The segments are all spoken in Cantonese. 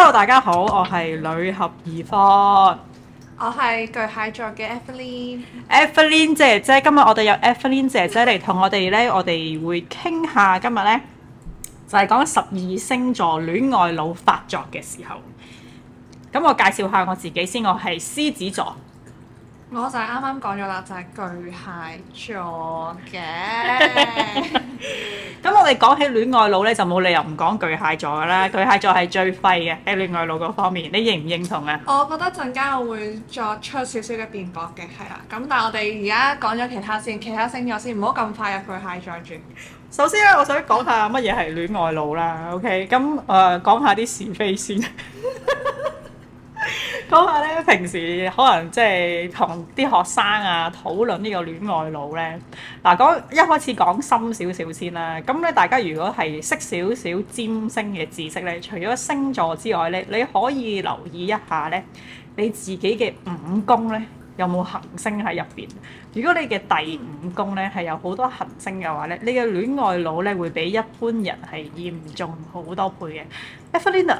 hello，大家好，我係女俠二方，我係巨蟹座嘅、e、Evelyn，Evelyn 姐姐，今日我哋有 Evelyn 姐姐嚟同我哋咧，我哋會傾下今日咧就係、是、講十二星座戀愛腦發作嘅時候。咁我介紹下我自己先，我係獅子座。我就係啱啱講咗啦，就係、是、巨蟹座嘅。咁、 嗯、我哋講起戀愛腦呢，就冇理由唔講巨蟹座噶啦。巨蟹座係最廢嘅喺戀愛腦嗰方面，你認唔認同啊？我覺得陣間我會作出少少嘅辯駁嘅，係啦。咁但係我哋而家講咗其他先，其他星座先，唔好咁快入巨蟹座轉。首先咧、啊，我想講下乜嘢係戀愛腦啦、嗯。OK，咁誒講下啲是非先。 講下咧，平時可能即係同啲學生啊討論呢個戀愛腦咧。嗱，啊，講一開始講深少少先啦。咁咧，大家如果係識少少占星嘅知識咧，除咗星座之外咧，你可以留意一下咧，你自己嘅五宮咧有冇行星喺入邊。如果你嘅第五宮咧係有好多行星嘅話咧，你嘅戀愛腦咧會比一般人係嚴重好多倍嘅。Evelina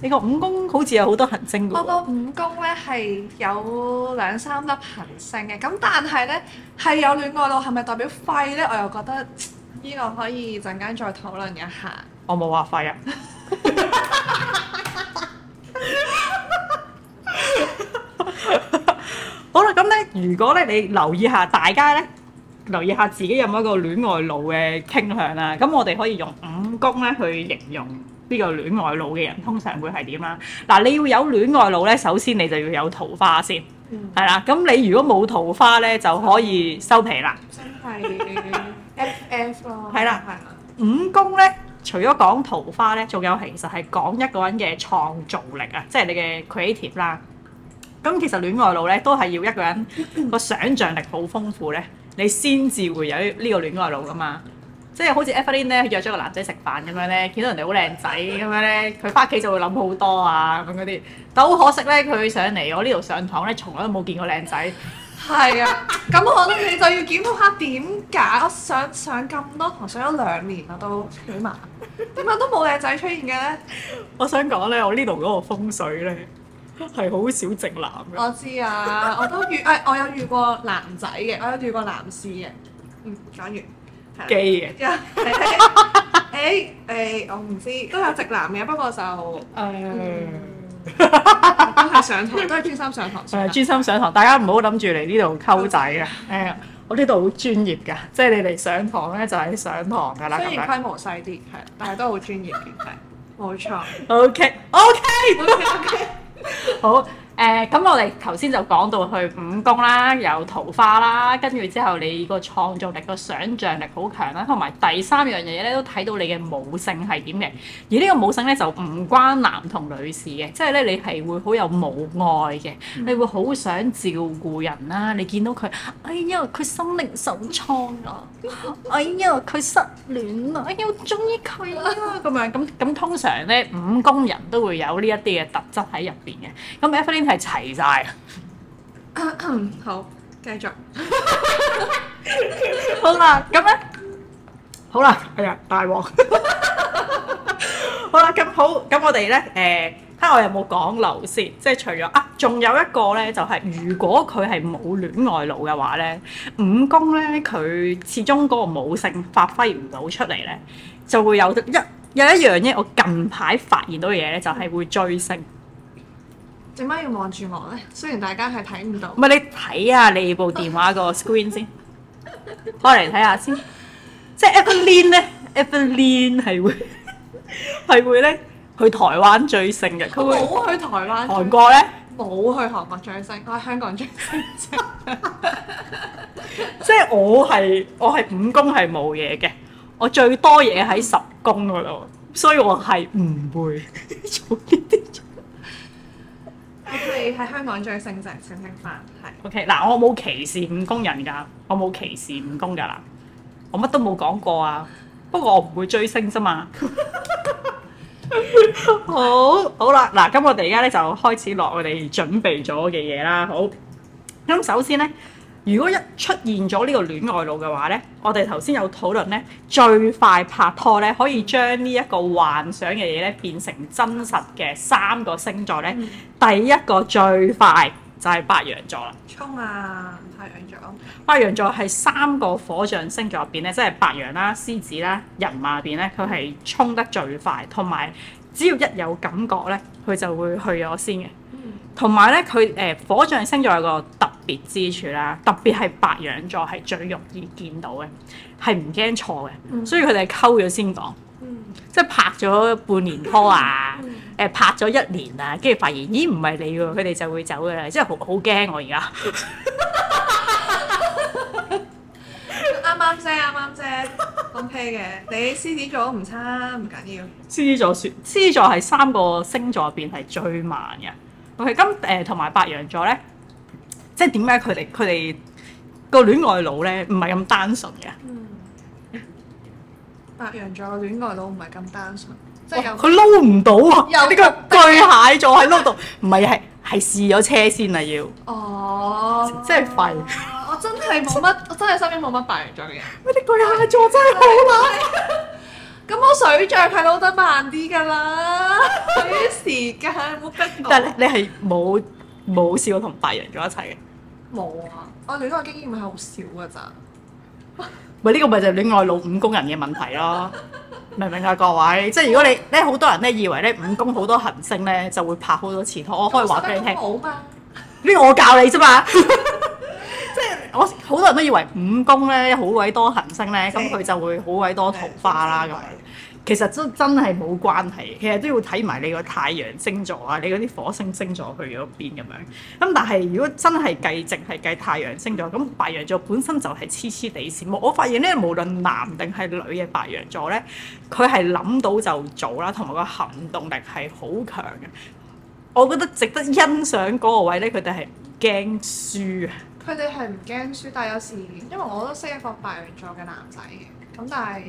你個五宮好似有好多行星喎！我個五宮咧係有兩三粒行星嘅，咁但係咧係有戀愛腦，係咪代表廢咧？我又覺得呢個可以陣間再討論一下。我冇話廢啊！好啦，咁咧如果咧你留意下大家咧，留意下自己有冇一個戀愛腦嘅傾向啦，咁我哋可以用五宮咧去形容。呢個戀愛腦嘅人通常會係點呀？嗱，你要有戀愛腦咧，首先你就要有桃花先，係啦。咁你如果冇桃花咧，就可以收皮啦。收皮 FF 咯。係啦，係啦。五宮咧，除咗講桃花咧，仲有其實係講一個人嘅創造力啊，即係你嘅 creative 啦。咁其實戀愛腦咧，都係要一個人個想像力好豐富咧，你先至會有呢個戀愛腦㗎嘛。即係好似 Everlin 咧，佢約咗個男仔食飯咁樣咧，見到人哋好靚仔咁樣咧，佢翻屋企就會諗好多啊咁嗰啲。但好可惜咧，佢上嚟我呢度上堂咧，從來都冇見過靚仔。係 啊，咁我覺得你就要檢討下點解我上上咁多堂上咗兩年啦都起碼點解都冇靚仔出現嘅咧？ 我想講咧，我呢度嗰個風水咧係好少直男嘅。我知啊，我都遇誒、哎，我有遇過男仔嘅， 我有遇過男士嘅。嗯，講完。基嘅，誒誒，我唔知都有直男嘅，不過就誒，係上堂，都係專心上堂。係、呃、專心上堂，大家唔好諗住嚟呢度溝仔啊！誒、 欸，我呢度好專業㗎，即係你嚟上堂咧就係上堂㗎喇，雖然規模細啲，係， 但係都好專業嘅。冇 錯，OK OK OK, okay. 好。誒咁，呃、我哋頭先就講到佢五宮啦，有桃花啦，跟住之後你個創造力、個想像力好強啦，同埋第三樣嘢咧都睇到你嘅母性係點嘅。而個呢個母性咧就唔關男同女士嘅，即係咧你係會好有母愛嘅，你會好想照顧人啦。你見到佢，哎呀佢心靈受創啊，哎呀佢失戀啦，哎呀中意佢啦，咁樣咁咁通常咧五宮人都會有呢一啲嘅特質喺入邊嘅。咁係齊晒。好繼續。好啦咁咧，好啦，哎呀大鑊，好啦咁好咁我哋咧誒，睇下我有冇講漏先，即係除咗啊，仲有一個咧就係如果佢係冇戀愛腦嘅話咧，武功咧佢始終嗰個母性發揮唔到出嚟，咧就會有一有一樣嘢，我近排發現到嘢咧就係會追星。做乜要望住我咧？雖然大家係睇唔到，唔係你睇下你部電話個 screen 先，開嚟睇下先。即係 Evelyn 咧 Evelyn 係會係會咧去台灣最盛嘅，佢會冇去台灣。韓國咧冇去韓國最盛我喺香港最盛。即係我係我係五公係冇嘢嘅，我最多嘢喺十公嗰度，所以我係唔會做呢啲。我哋喺香港追星就係星星飯。係。O K 嗱，我冇歧視五工人㗎，我冇歧視五工㗎啦，我乜都冇講過啊。不過我唔會追星啫嘛。 好好啦，嗱，咁、嗯、我哋而家咧就開始落我哋準備咗嘅嘢啦。好，咁、嗯、首先咧。如果一出現咗呢個戀愛腦嘅話呢，我哋頭先有討論呢，最快拍拖呢，可以將呢一個幻想嘅嘢呢變成真實嘅三個星座呢、嗯、第一個最快就係白羊座啦，衝啊！太陽座，白羊座係三個火象星座入邊呢，即係白羊啦、獅子啦、人馬入邊呢，佢係衝得最快，同埋只要一有感覺呢，佢就會去咗先嘅。同埋咧，佢誒、呃、火象星座有個特別之處啦，特別係白羊座係最容易見到嘅，係唔驚錯嘅，嗯、所以佢哋溝咗先講，嗯、即係拍咗半年拖啊，誒、嗯呃、拍咗一年啊，跟住發現咦唔係你喎，佢哋就會走嘅啦，即係好好驚我而家。啱啱啫，啱啱啫，OK 嘅，你獅子座唔差，唔緊要。獅子座算，獅子座係三個星座入邊係最慢嘅。我哋今同埋白羊座咧，即係點解佢哋佢哋個戀愛腦咧唔係咁單純嘅？嗯，白羊座個戀愛腦唔係咁單純，哇即係佢撈唔到啊！有呢個巨蟹座喺撈到，唔係係係試咗車先啊要哦，即係、oh, 廢！Uh, 我真係冇乜，真我真係身邊冇乜白羊座嘅人，咩？啲巨蟹座真係好難、啊。 咁我水漲係攞得慢啲㗎啦，對於 時間冇逼。但係咧，你係冇冇試過同白人咗一齊嘅？冇啊！我戀愛經驗係好少㗎咋。唔，呢個咪就係戀愛腦五宮人嘅問題咯， 明唔明啊各位？ 即係如果你咧好多人咧以為咧五宮好多行星咧就會拍好多次拖，我可以話俾你聽。好咩？呢個我教你啫嘛。我好多人都以為五宮咧好鬼多行星咧，咁佢、嗯、就會好鬼多桃花啦咁、嗯、其實都真真係冇關係，其實都要睇埋你個太陽星座啊，你嗰啲火星星座去咗邊咁樣。咁但係如果真係計淨係計太陽星座，咁白羊座本身就係黐黐地線。我發現咧，無論男定係女嘅白羊座咧，佢係諗到就做啦，同埋個行動力係好強嘅。我覺得值得欣賞嗰個位咧，佢哋係唔驚輸啊！佢哋係唔驚輸，但係有時因為我都識一個白羊座嘅男仔嘅，咁但係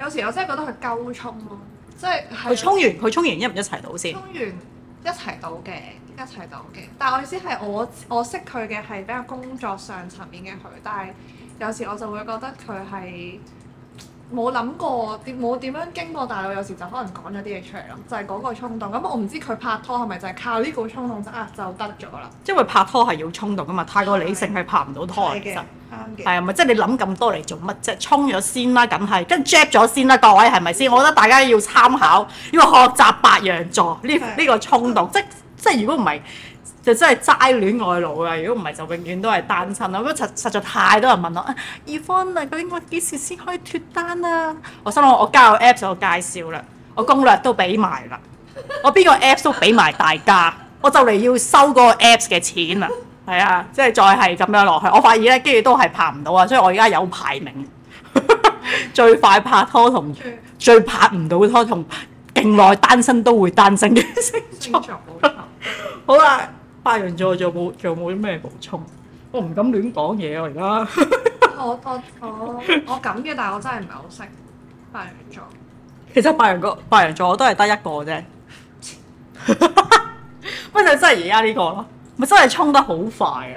有時我真係覺得佢夠衝咯，即係佢沖完佢沖完一唔一齊到先？沖完一齊到嘅，一齊到嘅。但係我意思係我我識佢嘅係比較工作上層面嘅佢，但係有時我就會覺得佢係。冇諗過，冇點樣經過大腦，有時就可能講咗啲嘢出嚟咯，就係、是、嗰個衝動。咁我唔知佢拍拖係咪就係靠呢個衝動，就啊就得咗啦。因為拍拖係要衝動噶嘛，太過理性係拍唔到拖嚟嘅。係嘅的，啊實，唔即係你諗咁多嚟做乜啫？衝咗先啦，梗係跟住夾咗先啦，各位係咪先？我覺得大家要參考， 要學習白羊座呢呢、這個、的個衝動， 即即係如果唔係。就真係齋戀愛腦啊！如果唔係就永遠都係單身咯、啊。咁實實在太多人問我啊，二婚啊， onne, 究竟我幾時先可以脫單啊？我心諗我交個 Apps 我介紹啦，我攻略都俾埋啦， 我邊個 Apps 都俾埋大家，我就嚟要收嗰個 Apps 嘅錢啦。係 啊，即係再係咁樣落去，我發現咧，跟住都係拍唔到啊。所以我而家有排名， 最快拍拖同最拍唔到拖同勁耐單身都會單身嘅星座 好啊。白羊座就冇就冇啲咩補充，我唔敢亂講嘢啊而 家。我我我我咁嘅，但係我真係唔係好識白羊座。其實白羊個白羊座我都係得一個啫。不 哈真係而家呢個咯？咪真係衝得好快啊！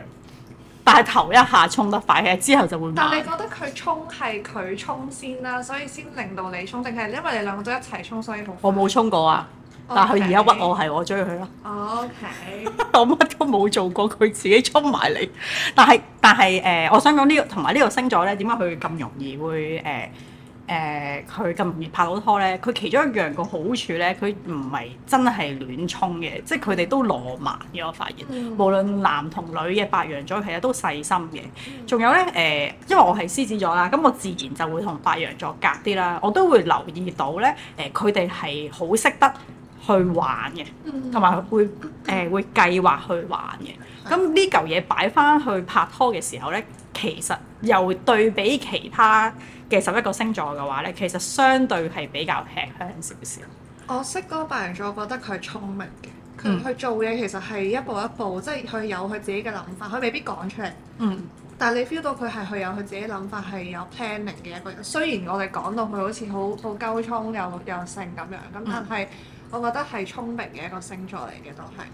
但係頭一下衝得快，嘅之後就會慢但係你覺得佢衝係佢衝先啦、啊，所以先令到你衝，定係因為你兩個都一齊衝，所以好快？我冇衝過啊。但係佢而家屈我係我追佢咯。Oh, OK， 我乜都冇做過，佢自己衝埋嚟。但係但係誒、呃，我想講呢、呢個同埋呢個星座咧，點解佢咁容易會誒誒佢咁易拍到拖咧？佢其中一樣個好處咧，佢唔係真係亂衝嘅，即係佢哋都羅曼嘅。我發現，嗯、無論男同女嘅白羊座，其實都細心嘅。仲、嗯、有咧誒、呃，因為我係獅子座啦，咁我自然就會同白羊座隔啲啦。我都會留意到咧誒，佢哋係好識得。去玩嘅，同埋會誒、呃、會計劃去玩嘅。咁呢嚿嘢擺翻去拍拖嘅時候呢，其實又會對比其他嘅十一個星座嘅話呢，其實相對係比較吃香少少。我識嗰個白羊座，覺得佢係聰明嘅，佢去做嘢其實係一步一步，即係佢有佢自己嘅諗法，佢未必講出嚟。嗯。但係你 feel 到佢係佢有佢自己諗法，係有 planning 嘅一個人。雖然我哋講到佢好似好好溝通又又性咁樣，咁但係。嗯我覺得係聰明嘅一個星座嚟嘅，都係。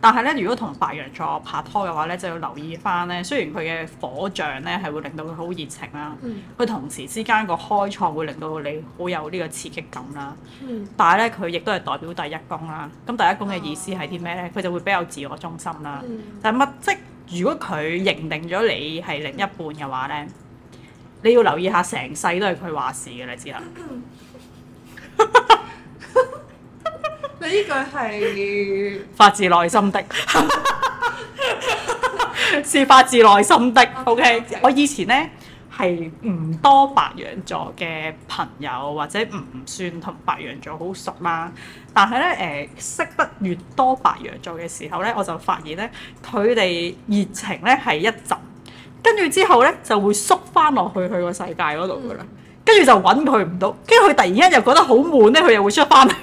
但係咧，如果同白羊座拍拖嘅話咧，就要留意翻咧。雖然佢嘅火象咧係會令到佢好熱情啦，佢、嗯、同時之間個開創會令到你好有呢個刺激感啦。嗯、但係咧，佢亦都係代表第一宮啦。咁第一宮嘅意思係啲咩咧？佢、啊、就會比較自我中心啦。嗯、但係物質，如果佢認定咗你係另一半嘅話咧，你要留意下，成世都係佢話事嘅，你知啦。 呢句係發自內心的，係發自內心的。O、okay. K，我以前呢係唔多白羊座嘅朋友，或者唔算同白羊座好熟啦。但係呢，誒、呃、識得越多白羊座嘅時候呢，我就發現呢，佢哋熱情呢係一陣，跟住之後呢，就會縮翻落去佢個世界嗰度㗎啦。跟住、嗯、就揾佢唔到，跟住佢突然間又覺得好悶呢，佢又會出翻嚟。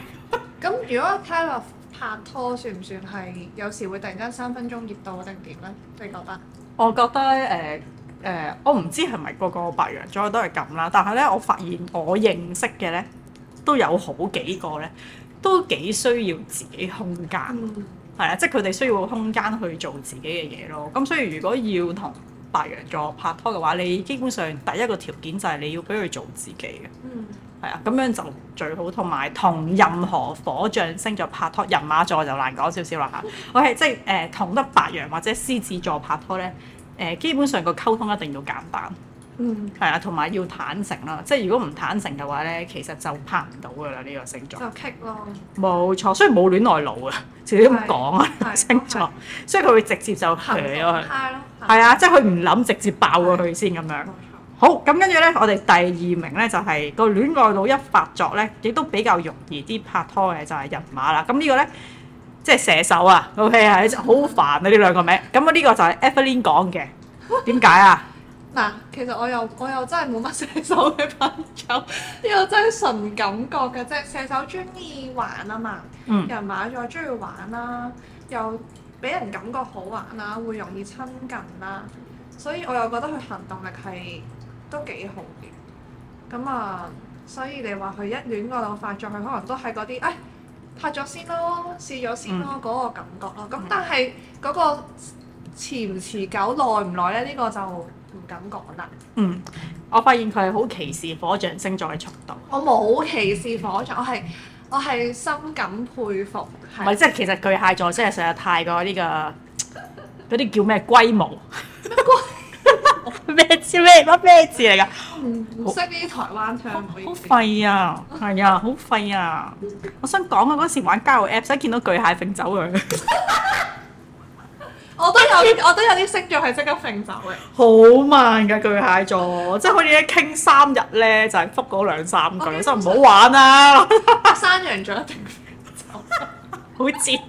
咁如果睇落拍拖算唔算係有時會突然間三分鐘熱度定點呢？你覺得？我覺得誒誒、呃呃，我唔知係咪個個白羊座都係咁啦，但係咧，我發現我認識嘅咧都有好幾個咧，都幾需要自己空間，係啊、嗯，即係佢哋需要空間去做自己嘅嘢咯。咁所以如果要同白羊座拍拖嘅話，你基本上第一個條件就係你要俾佢做自己嘅。嗯係啊，咁樣就最好，同埋同任何火象星座拍拖，人馬座就難講少少啦嚇。OK，即係誒同得白羊或者獅子座拍拖咧，誒基本上個溝通一定要簡單，係啊、嗯，同埋要坦誠啦。即係如果唔坦誠嘅話咧，其實就拍唔到噶啦，呢個星座。就棘咯。冇錯，所以冇戀愛腦啊，自己咁講啊星座，所以佢會直接就係對啊，係啊，即係佢唔諗直接爆過去先咁樣。對 好咁，跟住呢，我哋第二名呢，就係、是、個戀愛腦一發作呢，亦都比較容易啲拍拖嘅就係人馬啦。咁呢個呢，即係射手啊，OK 啊、嗯，好煩啊！呢兩個名咁、e、啊，呢個就係 Evelyn 講嘅。點解啊？嗱，其實我又我又真係冇乜射手嘅朋友，呢個真係純感覺嘅。即係射手鍾意玩啊嘛，人馬再鍾意玩啦、啊，又俾人感覺好玩啦、啊，會容易親近啦、啊，所以我又覺得佢行動力係。都幾好嘅，咁啊，所以你話佢一戀愛腦發作，佢可能都係嗰啲誒拍咗先咯，試咗先咯嗰、嗯、個感覺咯。咁但係嗰個持唔持久，耐唔耐咧？呢、呢個就唔敢講啦。嗯，我發現佢係好歧視火象星座嘅速度。我冇歧視火象，我係我係深感佩服。唔係，即係其實巨蟹座真係實在太過呢、呢個嗰啲叫咩龜毛。龜 咩字咩乜咩字嚟噶？唔識呢啲台灣腔好，好廢啊！係 啊，好廢啊！我想講啊，嗰時玩交友 app，想見到巨蟹揈走佢。 我都有，我都有啲星座係即刻揈走嘅。好慢噶巨蟹座，即係好似一傾三日咧，就係覆嗰兩三句，真係唔好玩啊！山羊座一定走 好賤。好賤！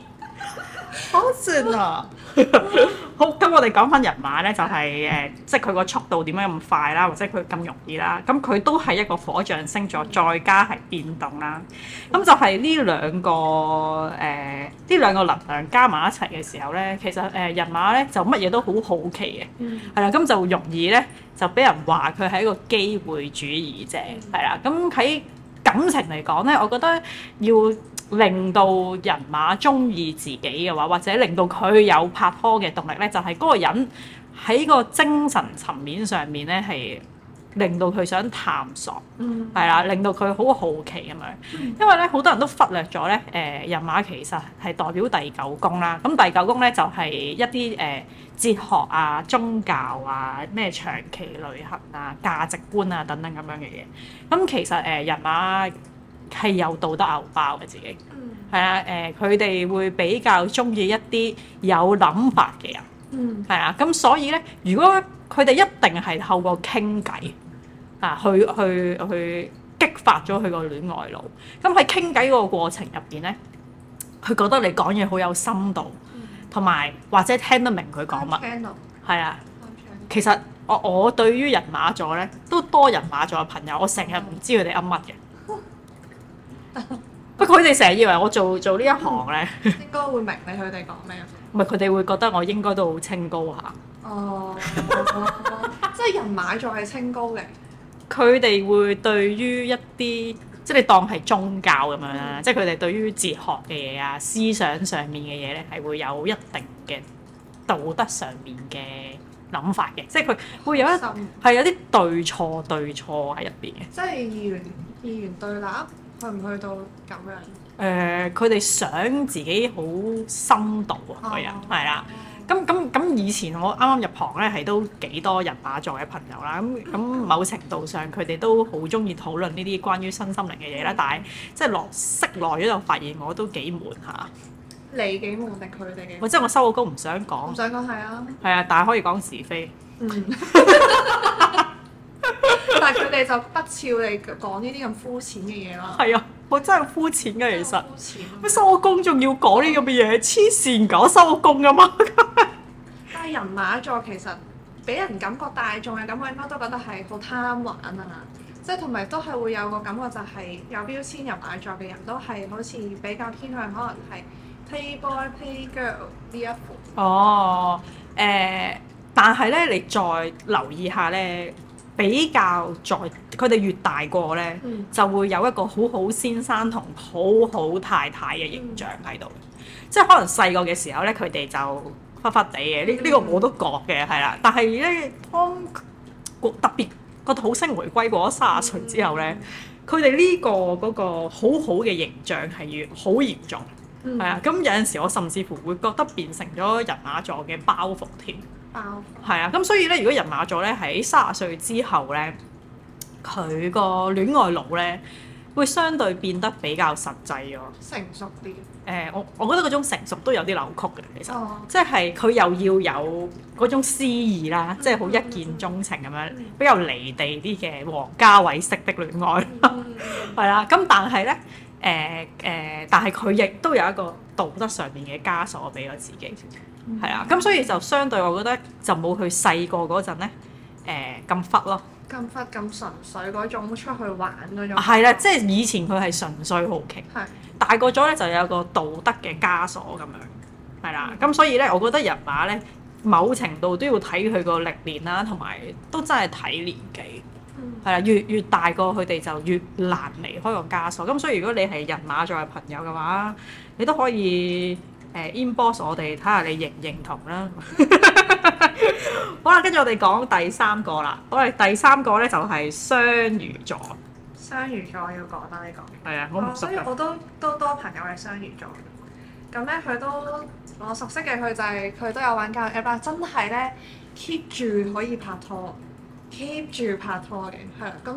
好賤啊！ 好，咁我哋講翻人馬咧，就係誒，即係佢個速度點解咁快啦，或者佢咁容易啦，咁佢都係一個火象星座，再加係變動啦。咁就係呢兩個誒，呢兩個能量加埋一齊嘅時候咧，其實誒人馬咧就乜嘢都好好奇嘅，係啦，咁就容易咧就俾人話佢係一個機會主義者，係啦，咁喺感情嚟講咧，我覺得要。令到人馬中意自己嘅話，或者令到佢有拍拖嘅動力呢，就係、是、嗰個人喺個精神層面上面呢，係令到佢想探索，係啦、嗯，令到佢好好奇咁樣。嗯、因為咧好多人都忽略咗呢，誒、呃、人馬其實係代表第九宮啦。咁第九宮呢，就係、是、一啲誒、呃、哲學啊、宗教啊、咩長期旅行啊、價值觀啊等等咁樣嘅嘢。咁其實誒、呃、人馬。係有道德牛爆嘅自己，係啊誒，佢哋會比較中意一啲有諗法嘅人，係啊，咁所以咧，如果佢哋一定係透過傾偈啊，去去去激發咗佢個戀愛腦，咁喺傾偈嗰個過程入邊咧，佢覺得你講嘢好有深度，同埋或者聽得明佢講乜，係啊，其實我我對於人馬座咧都多人馬座嘅朋友，我成日唔知佢哋噏乜嘅。 不過佢哋成日以為我做做呢一行咧，應該會明白你佢哋講咩。唔係佢哋會覺得我應該都好清高吓。哦， 即係人馬座係清高嘅。佢哋會對於一啲即係你當係宗教咁樣啦，嗯、即係佢哋對於哲學嘅嘢啊，思想上面嘅嘢咧，係會有一定嘅道德上面嘅諗法嘅。即係佢會有一係心有啲對錯對錯喺入邊嘅。即係二元二元對立。去唔去到咁樣？誒、呃，佢哋想自己好深度啊個人，係啦、哦。咁咁咁，嗯、以前我啱啱入行咧，係都幾多人打坐嘅朋友啦。咁咁，某程度上佢哋、嗯、都好中意討論呢啲關於身心靈嘅嘢啦。嗯、但係即係落識耐咗就發現我都幾悶下。你幾悶定佢哋嘅？即係我收好工唔想講。唔想講係啊。係啊，但係可以講是非的。 但係佢哋就不屑你講呢啲咁膚淺嘅嘢咯。係啊，我真係膚淺嘅、啊，其實。膚淺、啊。乜收工仲要講呢咁嘅嘢？黐線狗收工噶嘛？ 但係人馬座其實俾人感覺，大眾嘅感覺應該都覺得係好貪玩啊！即係同埋都係會有個感覺，就係有標籤人馬座嘅人都係好似比較偏向可能係 play boy play girl 呢一幅。哦，誒、呃，但係咧，你再留意下咧。比較在佢哋越大個呢，嗯、就會有一個好好先生同好好太太嘅形象喺度。嗯、即係可能細個嘅時候呢，佢哋就忽忽地嘅呢，呢個我都覺嘅係啦。但係呢，當特別個土星回歸，過咗卅歲之後呢，佢哋呢個嗰個好好嘅形象係越好嚴重，係啊、嗯。咁有陣時我甚至乎會覺得變成咗人馬座嘅包袱添。係啊，咁所以咧，如果人馬座咧，喺卅歲之後咧，佢個戀愛腦咧會相對變得比較實際咯，成熟啲。誒、呃，我我覺得嗰種成熟都有啲扭曲嘅，其實，哦、即係佢又要有嗰種詩意啦，嗯、即係好一見鍾情咁樣，嗯嗯、比較離地啲嘅王家衛式的戀愛，係啦、嗯。咁、 啊、但係咧，誒、呃、誒、呃，但係佢亦都有一個道德上面嘅枷鎖俾咗自己。係啦，咁 所以就相對我覺得就冇佢細個嗰陣咧，誒咁忽咯，咁忽咁純粹嗰種出去玩嗰種。係啦， 即係以前佢係純粹好奇，的大過咗咧就有個道德嘅枷鎖咁樣，係啦。咁、嗯、所以咧，我覺得人馬咧，某程度都要睇佢個歷練啦，同埋都真係睇年紀，係啦、嗯。越越大個佢哋就越難離開個枷鎖。咁所以如果你係人馬作為朋友嘅話，你都可以。誒、呃、inbox 我哋睇下你認唔認同啦， 好啦，跟住我哋講第三個啦，我哋第三個咧就係、是、雙魚座。雙魚座要講啦呢個，係啊對，我所以我都都多，多朋友係雙魚座，咁咧佢都我熟悉嘅佢就係、是、佢都有玩交友真係咧 keep 住可以拍拖，keep 住拍拖嘅，係啦咁。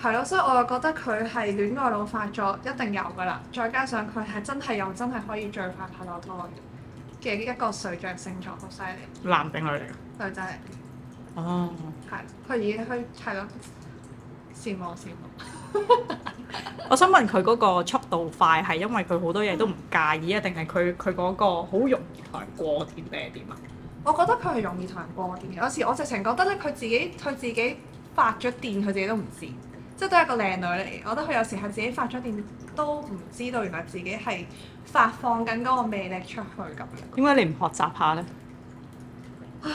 係咯，所以我又覺得佢係戀愛腦發作，一定有㗎啦。再加上佢係真係又真係可以最快拍到拖嘅一個水象星座，好犀利。男定女嚟㗎？女仔嚟。哦。係，佢已經佢係咯，羨慕羨慕。我，我， 我想問佢嗰個速度快係因為佢好多嘢都唔介意啊，定係佢佢嗰個好容易同人過電定係點啊？我覺得佢係容易同人過電，有時我直情覺得咧，佢自己佢自，自己發咗電，佢自己都唔知。即係都係一個靚女嚟，我覺得佢有時候自己發咗電都唔知道，原來自己係發放緊嗰個魅力出去咁樣。點解你唔學習下咧？唉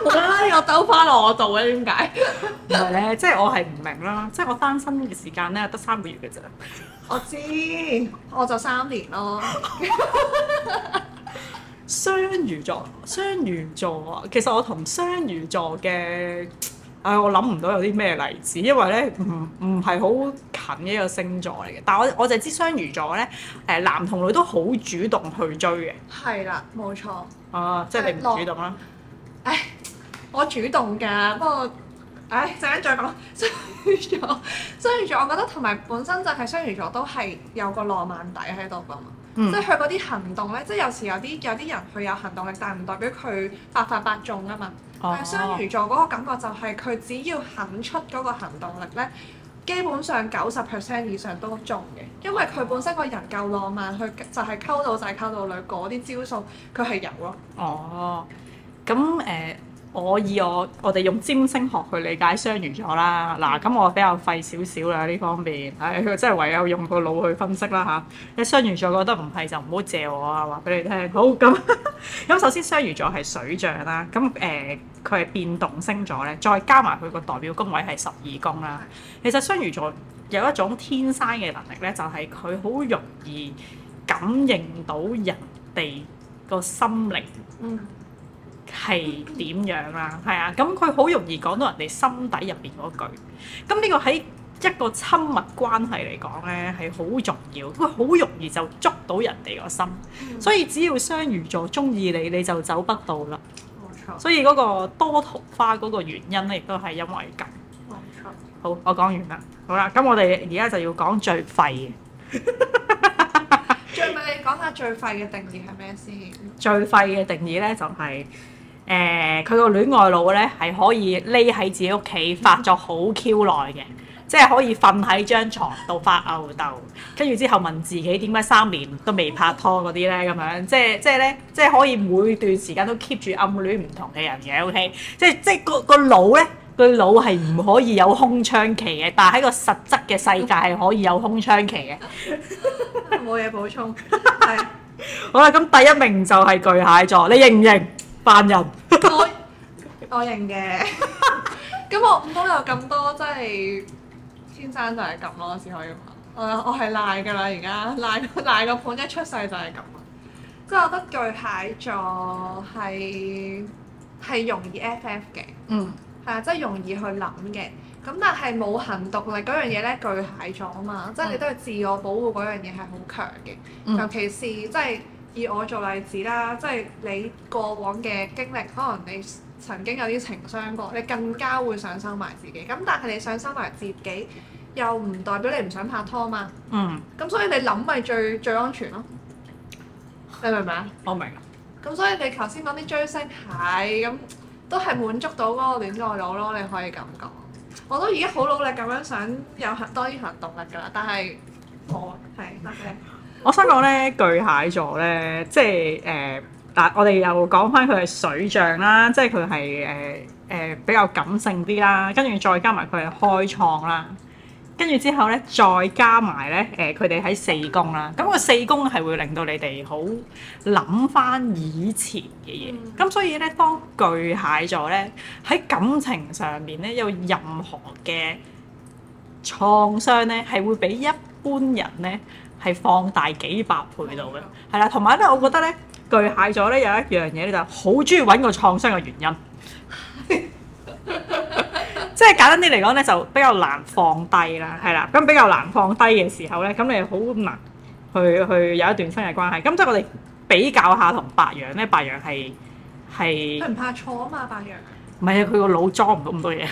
我啦、 就是、啦，又兜翻落我度嘅點解？唔係咧，即係我係唔明啦，即係我單身嘅時間咧，得三個月嘅啫。 我知，我就三年咯。 雙魚座，雙魚座啊！其實我同雙魚座嘅。誒，我諗唔到有啲咩例子，因為咧唔唔係好近嘅一個星座嚟嘅。但係我我就知雙魚座咧，誒、呃、男同女都好主動去追嘅。係啦，冇錯。哦、啊，即係你唔主動啦。唉、哎，我主動㗎，不過唉，陣、哎、間再講。雙魚座，雙魚座，我覺得同埋本身就係雙魚座都係有個浪漫底喺度嘅嘛。嗯、即係佢嗰啲行動咧，即係有時有啲有啲人佢有行動力，但係唔代表佢百發百,百中啊嘛。哦、但係雙魚座嗰個感覺就係佢只要肯出嗰個行動力咧，基本上九十 percent 以上都中嘅，因為佢本身個人夠浪漫，佢就係溝到仔係溝到女嗰啲招數，佢係有咯。哦，咁誒。呃我以我我哋用占星學去理解雙魚座啦，嗱、啊、咁我比較費少少啦，呢方面，係、哎、佢真係唯有用個腦去分析啦嚇。你、啊、雙魚座覺得唔係就唔好借我啊，話俾你聽。好咁咁、 嗯、首先雙魚座係水象啦，咁誒佢係變動星座咧，再加埋佢個代表宮位係十二宮啦。其實雙魚座有一種天生嘅能力咧，就係佢好容易感應到人哋個心靈。嗯。係點樣啦？係啊，咁佢好容易講到人哋心底入邊嗰句。咁呢個喺一個親密關係嚟講呢，係好重要。佢好容易就捉到人哋個心。嗯、所以只要雙魚座中意你，你就走不到啦。冇錯。所以嗰個多桃花嗰個原因呢，亦都係因為咁。冇錯。好，我講完啦。好啦，咁我哋而家就要講最廢嘅。最 你講下最廢嘅定義係咩先？最廢嘅定義呢，就係、是、～誒佢個戀愛腦呢，係可以匿喺自己屋企發作好 Q 耐嘅，即係可以瞓喺張床度發吽哣，跟住之後問自己點解三年都未拍拖嗰啲呢，咁樣，即係即係呢，即係可以每段時間都 keep 住暗戀唔同嘅人嘅，OK，即係即係個個腦呢個腦係唔可以有空窗期嘅，但係喺個實質嘅世界係可以有空窗期嘅。冇 嘢補充， 好啦，咁第一名就係巨蟹座，你認唔認？扮人， 我我認嘅。咁 我唔通有咁多，即係天生就係咁咯，先可以話。誒，我係賴嘅啦，而家賴賴個盤一出世就係咁。即係、嗯、我覺得巨蟹座係係容易 FF 嘅，嗯，係啊，即、就、係、是、容易去諗嘅。咁但係冇行動力嗰樣嘢咧，巨蟹座啊嘛，嗯、即係你都係自我保護嗰樣嘢係好強嘅，尤其、嗯、是即係。就是就是以我做例子啦，即係你過往嘅經歷，可能你曾經有啲情傷過，你更加會想收埋自己。咁但係你想收埋自己，又唔代表你唔想拍拖嘛。嗯。咁所以你諗咪最最安全咯。你明唔明啊？我明。咁所以你頭先講啲追星係咁，哎、都係滿足到嗰個戀愛腦咯。你可以咁講。我都已經好努力咁樣想有多啲行動力㗎啦。但係我，係得嘅。Okay. 我想講咧巨蟹座咧，即係誒，但、呃、我哋又講翻佢係水象啦，即係佢係誒誒比較感性啲啦，跟住再加埋佢係開創啦，跟住之後咧再加埋咧誒，佢哋喺四宮啦，咁、個四宮係會令到你哋好諗翻以前嘅嘢，咁、嗯、所以咧當巨蟹座咧喺感情上面咧有任何嘅創傷咧，係會比一般人咧，係放大幾百倍度嘅，係啦，同埋咧，我覺得咧巨蟹座咧有一樣嘢咧就好中意揾個創傷嘅原因， 即係簡單啲嚟講咧就比較難放低啦，係啦，咁比較難放低嘅時候咧，咁你好難去去有一段婚嘅關係。咁即係我哋比較下同白羊咧，白羊係係佢唔怕錯啊嘛，白羊，唔係啊，佢個腦裝唔到咁多嘢。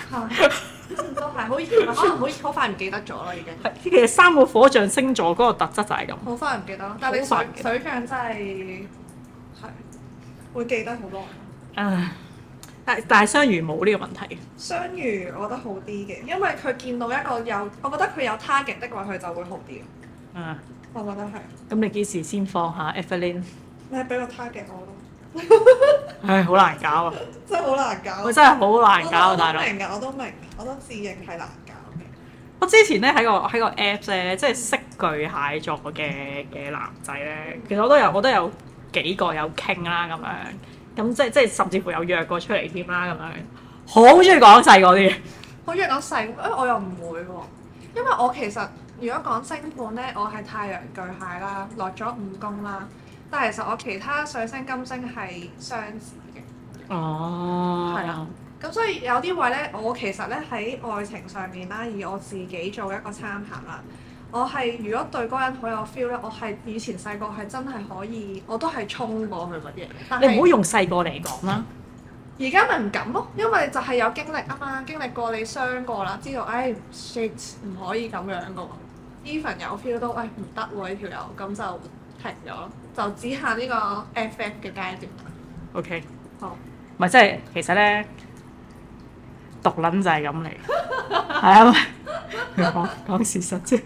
嗯、都係，好可能好好快唔記得咗咯，已經。係，其實三個火象星座嗰個特質就係咁。好快唔記得，但係你水象真係係會記得好多。唉，但係但係雙魚冇呢個問題。雙魚我覺得好啲嘅，因為佢見到一個有，我覺得佢有 target 嘅話，佢就會好啲，嗯，我覺得係。咁你幾時先放下 Evelyn？你俾個 target 我。唉，好、 哎、難搞啊！ 真係好難搞，真係好難搞啊！大佬、 啊，我都明我都明我都自認係難搞嘅。我之前咧喺個喺個 app 啫，即係識巨蟹座嘅嘅男仔咧，其實我都有我都有幾個有傾啦，咁樣咁即係即係甚至乎有約過出嚟添啦，咁樣好中意講細嗰啲，好中意講細，哎，我又唔會喎、啊，因為我其實如果講星盤咧，我係太陽巨蟹啦，落咗五宮啦。但係其實我其他水星金星係相似嘅，哦、oh.，係啊，咁所以有啲位咧，我其實咧喺愛情上面啦，以我自己做一個參考啦，我係如果對嗰個人好有 feel 咧，我係以前細個係真係可以，我都係衝過去乜嘢。 是你唔好用細個嚟講啦，而家咪唔敢咯，因為就係有經歷啊嘛，經歷過你傷過啦，知道唉 shit 唔可以咁樣噶 even 有 feel 都唉唔得喎呢條友，咁、這個、就停咗。就只限呢個 FF 嘅階段。OK。好。唔係即係其實咧，獨撚就係咁嚟，係啊。講講事實啫。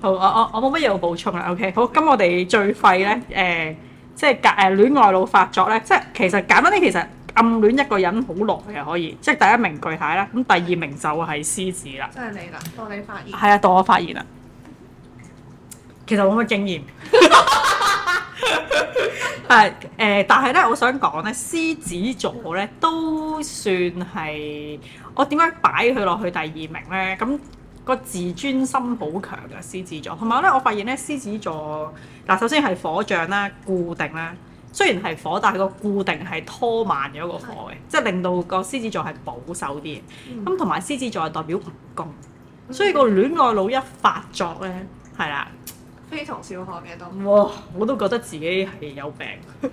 好，我我我冇乜嘢要補充啊。OK。好，咁我哋最廢咧，誒，即係隔誒戀愛腦發作咧，即係其實簡單啲，其實暗戀一個人好耐嘅可以，即係第一名巨蟹啦，咁第二名就係獅子啦。真係你啦，當你發言。係啊，當我發言啊。其實我冇乜經驗。誒誒、 呃，但係咧，我想講咧，獅子座咧都算係我點解擺佢落去第二名咧？咁、個自尊心好強嘅獅子座，同埋咧，我發現咧，獅子座，嗱，首先係火象啦，固定啦，雖然係火，但係個固定係拖慢咗個火嘅，的即係令到個獅子座係保守啲。咁同埋獅子座係代表唔公，所以個戀愛腦一發作咧，係啦。非同小學嘅都，哇！我都覺得自己係有病，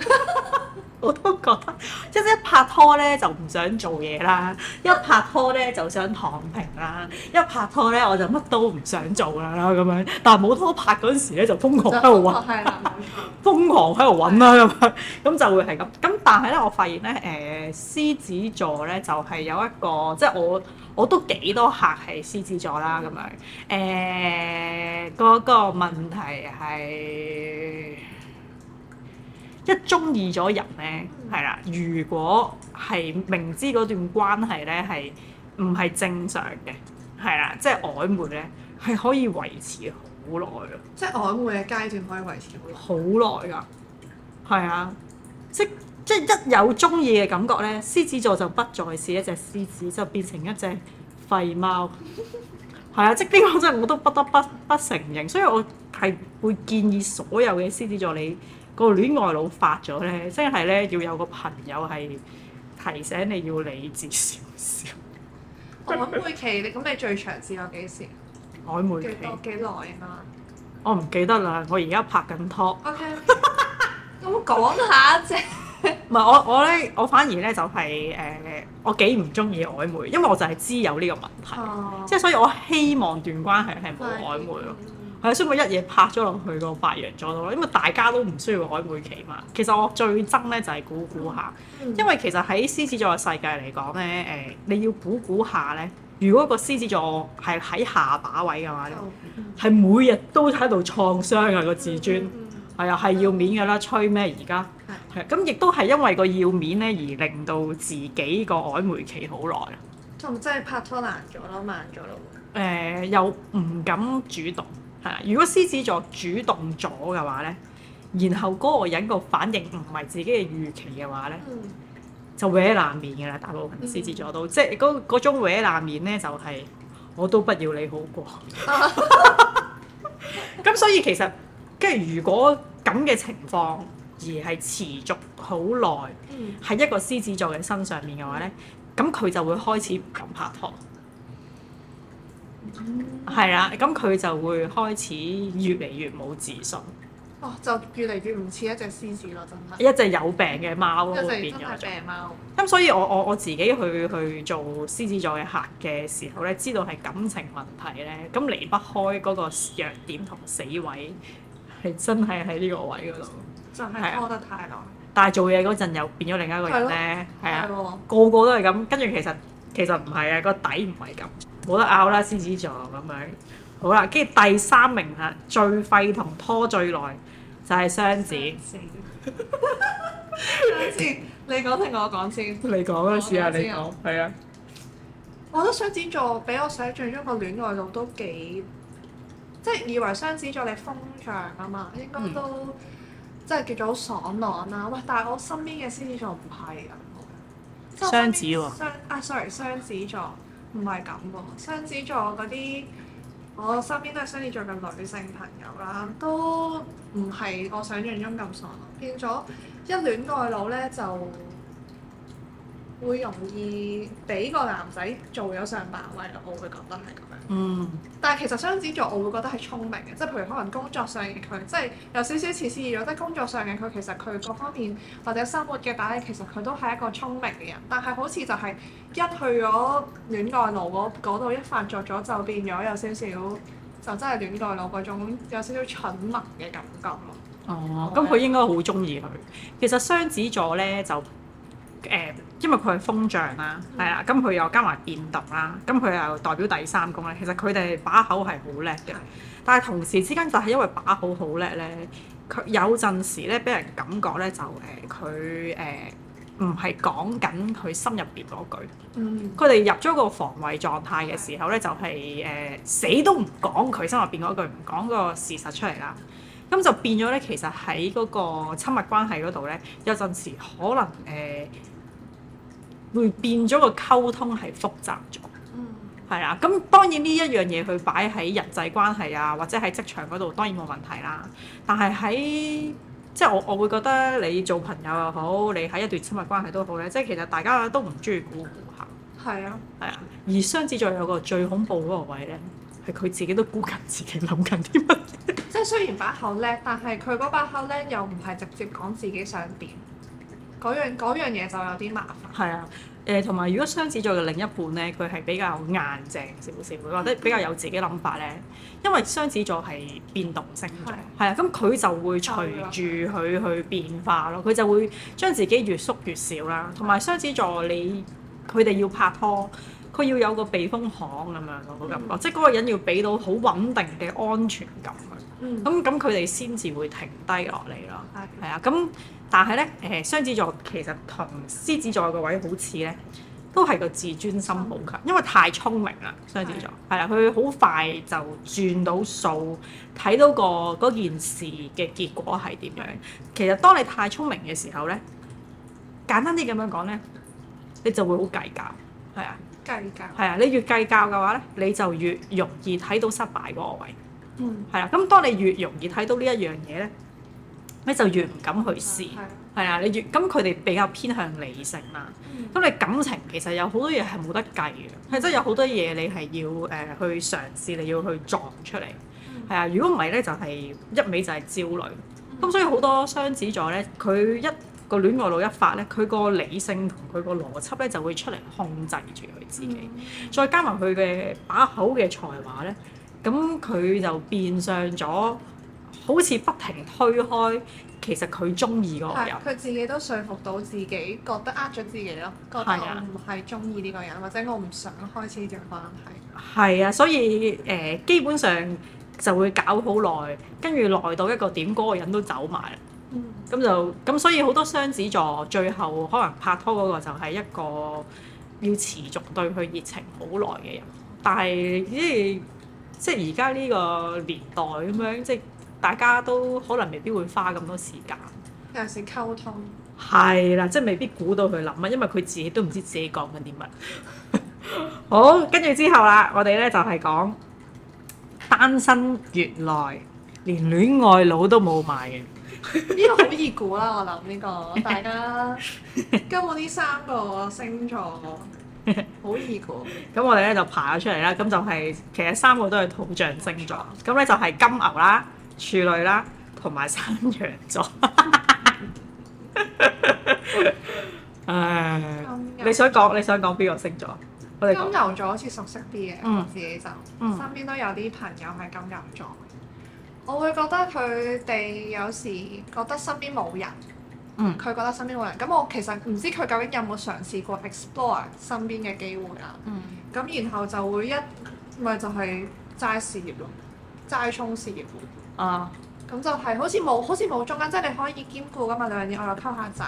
我都覺得，即係一拍拖咧就唔想做嘢啦， 一拍拖咧就想躺平啦，一拍拖咧我就乜都唔想做啦咁樣，但係冇拖拍嗰陣時咧就瘋狂喺度揾，係啦，冇錯，瘋狂喺度揾啦咁，咁 就會係咁，咁但係咧，我發現咧，誒、呃、獅子座咧就係有一個，即係我。我都幾多客係獅子座啦，咁樣，誒、欸，個、嗰個問題係一中意咗人咧，係啦，如果係明知嗰段關係咧係唔係正常嘅，係啦，即係曖昧咧，係可以維持好耐咯。即係曖昧嘅階段可以維持好耐。好耐㗎，係啊，即。即係一有中意嘅感覺咧，獅子座就不再是一隻獅子，就變成一隻廢貓。係 啊，即係呢個真係我都不得不不承認。所以我係會建議所有嘅獅子座，你個戀愛腦發咗咧，即係咧要有個朋友係提醒你要理智少少。曖昧期， 你咁你最長只有幾時？曖昧期幾耐啊？我唔記得啦，我而家拍緊拖。O K，咁講一下啫。 唔係 我我咧，我反而咧就係、是、誒、呃，我幾唔中意曖昧，因為我就係知有呢個問題，即係所以我希望段關係係冇曖昧咯。係啊、嗯，嗯、所以我一嘢拍咗落去個白羊座咯，因為大家都唔需要曖昧期嘛。其實我最憎咧就係估估下，因為其實喺獅子座嘅世界嚟講咧，誒、呃，你要估估下咧，如果個獅子座係喺下把位嘅話，係、嗯嗯、每日都喺度創傷啊個自尊，係啊、嗯，係、嗯嗯嗯、要面嘅啦，吹咩而家？係咁，亦、嗯嗯嗯嗯、都係因為個要面咧，而令到自己個曖昧期好耐。同即係拍拖難咗咯，慢咗咯。誒、嗯，又唔敢主動。係、嗯、啊，如果獅子座主動咗嘅話咧，然後嗰個人個反應唔係自己嘅預期嘅話咧，就搲爛面嘅啦。大部分獅子座都、嗯嗯、即係嗰嗰種搲爛面咧，就係、是、我都不要你好過。咁、啊、 所以其實，即係如果咁嘅情況。而係持續好耐，喺、嗯、一個獅子座嘅身上面嘅話呢，咁佢就會開始唔敢拍拖，係啦、嗯，咁佢就會開始越嚟越冇自信，哇、哦！就越嚟越唔似一隻獅子咯，真係一隻有病嘅貓會變咗，一隻病貓。咁所以我，我我我自己去去做獅子座嘅客嘅時候呢，知道係感情問題呢，咁離不開嗰個弱點同死位，係真係喺呢個位嗰度。係拖得太耐，但係做嘢嗰陣又變咗另一個人咧，係啊，個個都係咁。跟住其實其實唔係啊，個底唔係咁，冇得拗啦。獅子座咁樣好啦，跟住第三名啊，最廢同拖最耐就係雙子。等先，你講，聽我講先，你講啊，試下你講，係啊。我覺得雙子座俾我想象中個戀愛度都幾，即係以為雙子座你風象啊嘛， 應該都。 即係叫做好爽朗啦，喂！但係我身邊嘅獅子座唔係咁，雙子喎，哦，啊，sorry，雙子座唔係咁喎，雙子座嗰啲我身邊都係雙子座嘅女性朋友啦，都唔係我想像中咁爽朗，變咗一戀愛腦咧就～會容易俾個男仔做咗上把位咯，我會覺得係咁樣。嗯。但係其實雙子座我會覺得係聰明嘅，即係譬如可能工作上嘅佢，即係有少少似私，而如果工作上嘅佢其實佢各方面或者生活嘅，打理，其實佢都係一個聰明嘅人。但係好似就係一去咗戀愛腦嗰度一發作咗就變咗有少少，就真係戀愛腦嗰種有少少蠢萌嘅感覺。哦。咁佢以、嗯、應該好中意佢。其實雙子座咧就。誒、呃，因為佢係風象啦，係啊、嗯，咁佢又加埋變動啦，咁佢又代表第三宮咧。其實佢哋把口係好叻嘅，但係同時之間就係因為把口好叻咧，佢有陣時咧俾人感覺咧就誒，佢誒唔係講緊佢心入邊嗰句。佢哋、嗯、入咗個防衛狀態嘅時候咧，就係、是、誒、呃、死都唔講佢心入邊嗰句，唔講個事實出嚟啦。咁就變咗咧，其實喺嗰個親密關係嗰度咧，有陣時可能誒。呃會變咗個溝通係複雜咗，嗯，係啦。咁當然呢一樣嘢，去擺喺人際關係啊，或者喺職場嗰度，當然冇問題啦。但係喺即係我我會覺得你做朋友又好，你喺一段親密關係都好咧，即係其實大家都唔中意估估下。係啊，係啊。而雙子座有個最恐怖嗰個位咧，係佢自己都估緊自己諗緊啲乜嘢。即係雖然把口叻，但係佢嗰把口咧又唔係直接講自己想點。 嗰樣嗰樣嘢就有啲麻煩。係啊，誒同埋如果雙子座嘅另一半呢，佢係比較硬淨少少，或者比較有自己諗法呢，因為雙子座係變動性嘅，係 啊，咁佢就會隨住佢去變化咯。佢 就會將自己越縮越少啦。同埋雙子座你佢哋要拍拖，佢要有個避風港咁樣嗰個感覺，即係嗰個人要俾到好穩定嘅安全感佢。嗯。咁咁佢哋先至會停低落嚟咯。係。 啊，咁。 但係咧，誒雙子座其實同獅子座個位好似咧，都係個自尊心好強，因為太聰明啦。雙子座係啦，佢好快就轉到數，睇到個件事嘅結果係點樣。其實當你太聰明嘅時候咧，簡單啲咁樣講咧，你就會好計較，係啊，計較係啊。你越計較嘅話咧，你就越容易睇到失敗個位。嗯，係啊。咁當你越容易睇到呢一樣嘢咧。咩就越唔敢去試，係啊、嗯嗯，你越咁，佢哋比較偏向理性啦。咁、嗯、你感情其實有好多嘢係冇得計嘅，係真係有好多嘢你係要誒、呃、去嘗試，你要去撞出嚟，係啊、嗯。如果唔係咧，就係、是、一味就係焦慮。咁、嗯、所以好多雙子座咧，佢一個戀愛腦一發咧，佢個理性同佢個邏輯咧就會出嚟控制住佢自己，嗯嗯、再加埋佢嘅把口嘅才華咧，咁佢就變相咗。嗯好似不停推開，其實佢中意嗰個人，佢自己都説服到自己，覺得呃咗自己咯，覺得我唔係中意呢個人，的或者我唔想開始呢段關係。係啊，所以誒、呃，基本上就會搞好耐，跟住耐到一個點嗰個、那個、人都走埋啦。咁、嗯、就咁，所以好多雙子座最後可能拍拖嗰個就係一個要持續對佢熱情好耐嘅人，但係因為即係而家呢個年代咁樣，即係。大家都可能未必會花咁多時間，又係溝通，係啦，即係未必估到佢諗啊，因為佢自己都唔知自己講緊啲乜。 好，跟住之後啦，我哋咧就係、係、講單身原來連戀愛腦都冇埋嘅。呢 個好易估啦，我諗呢、呢個大家今個呢三個星座好易估。咁 我哋咧就爬咗出嚟啦，咁就係、係、其實三個都係土象星座，咁咧就係金牛啦。處女啦，同埋山羊座。誒，你想講你想講邊個星座？金牛座好似熟悉啲嘅，我自己就、嗯、身邊都有啲朋友係金牛座。我會覺得佢哋有時覺得身邊冇人，嗯，佢覺得身邊冇人。咁我其實唔知佢究竟有冇嘗試過 explore 身邊嘅機會啊。嗯，咁然後就會一咪就係齋事業咯，齋衝事業。啊，咁就係好似冇好似冇中間，即係你可以兼顧噶嘛，兩樣嘢，我又溝下仔，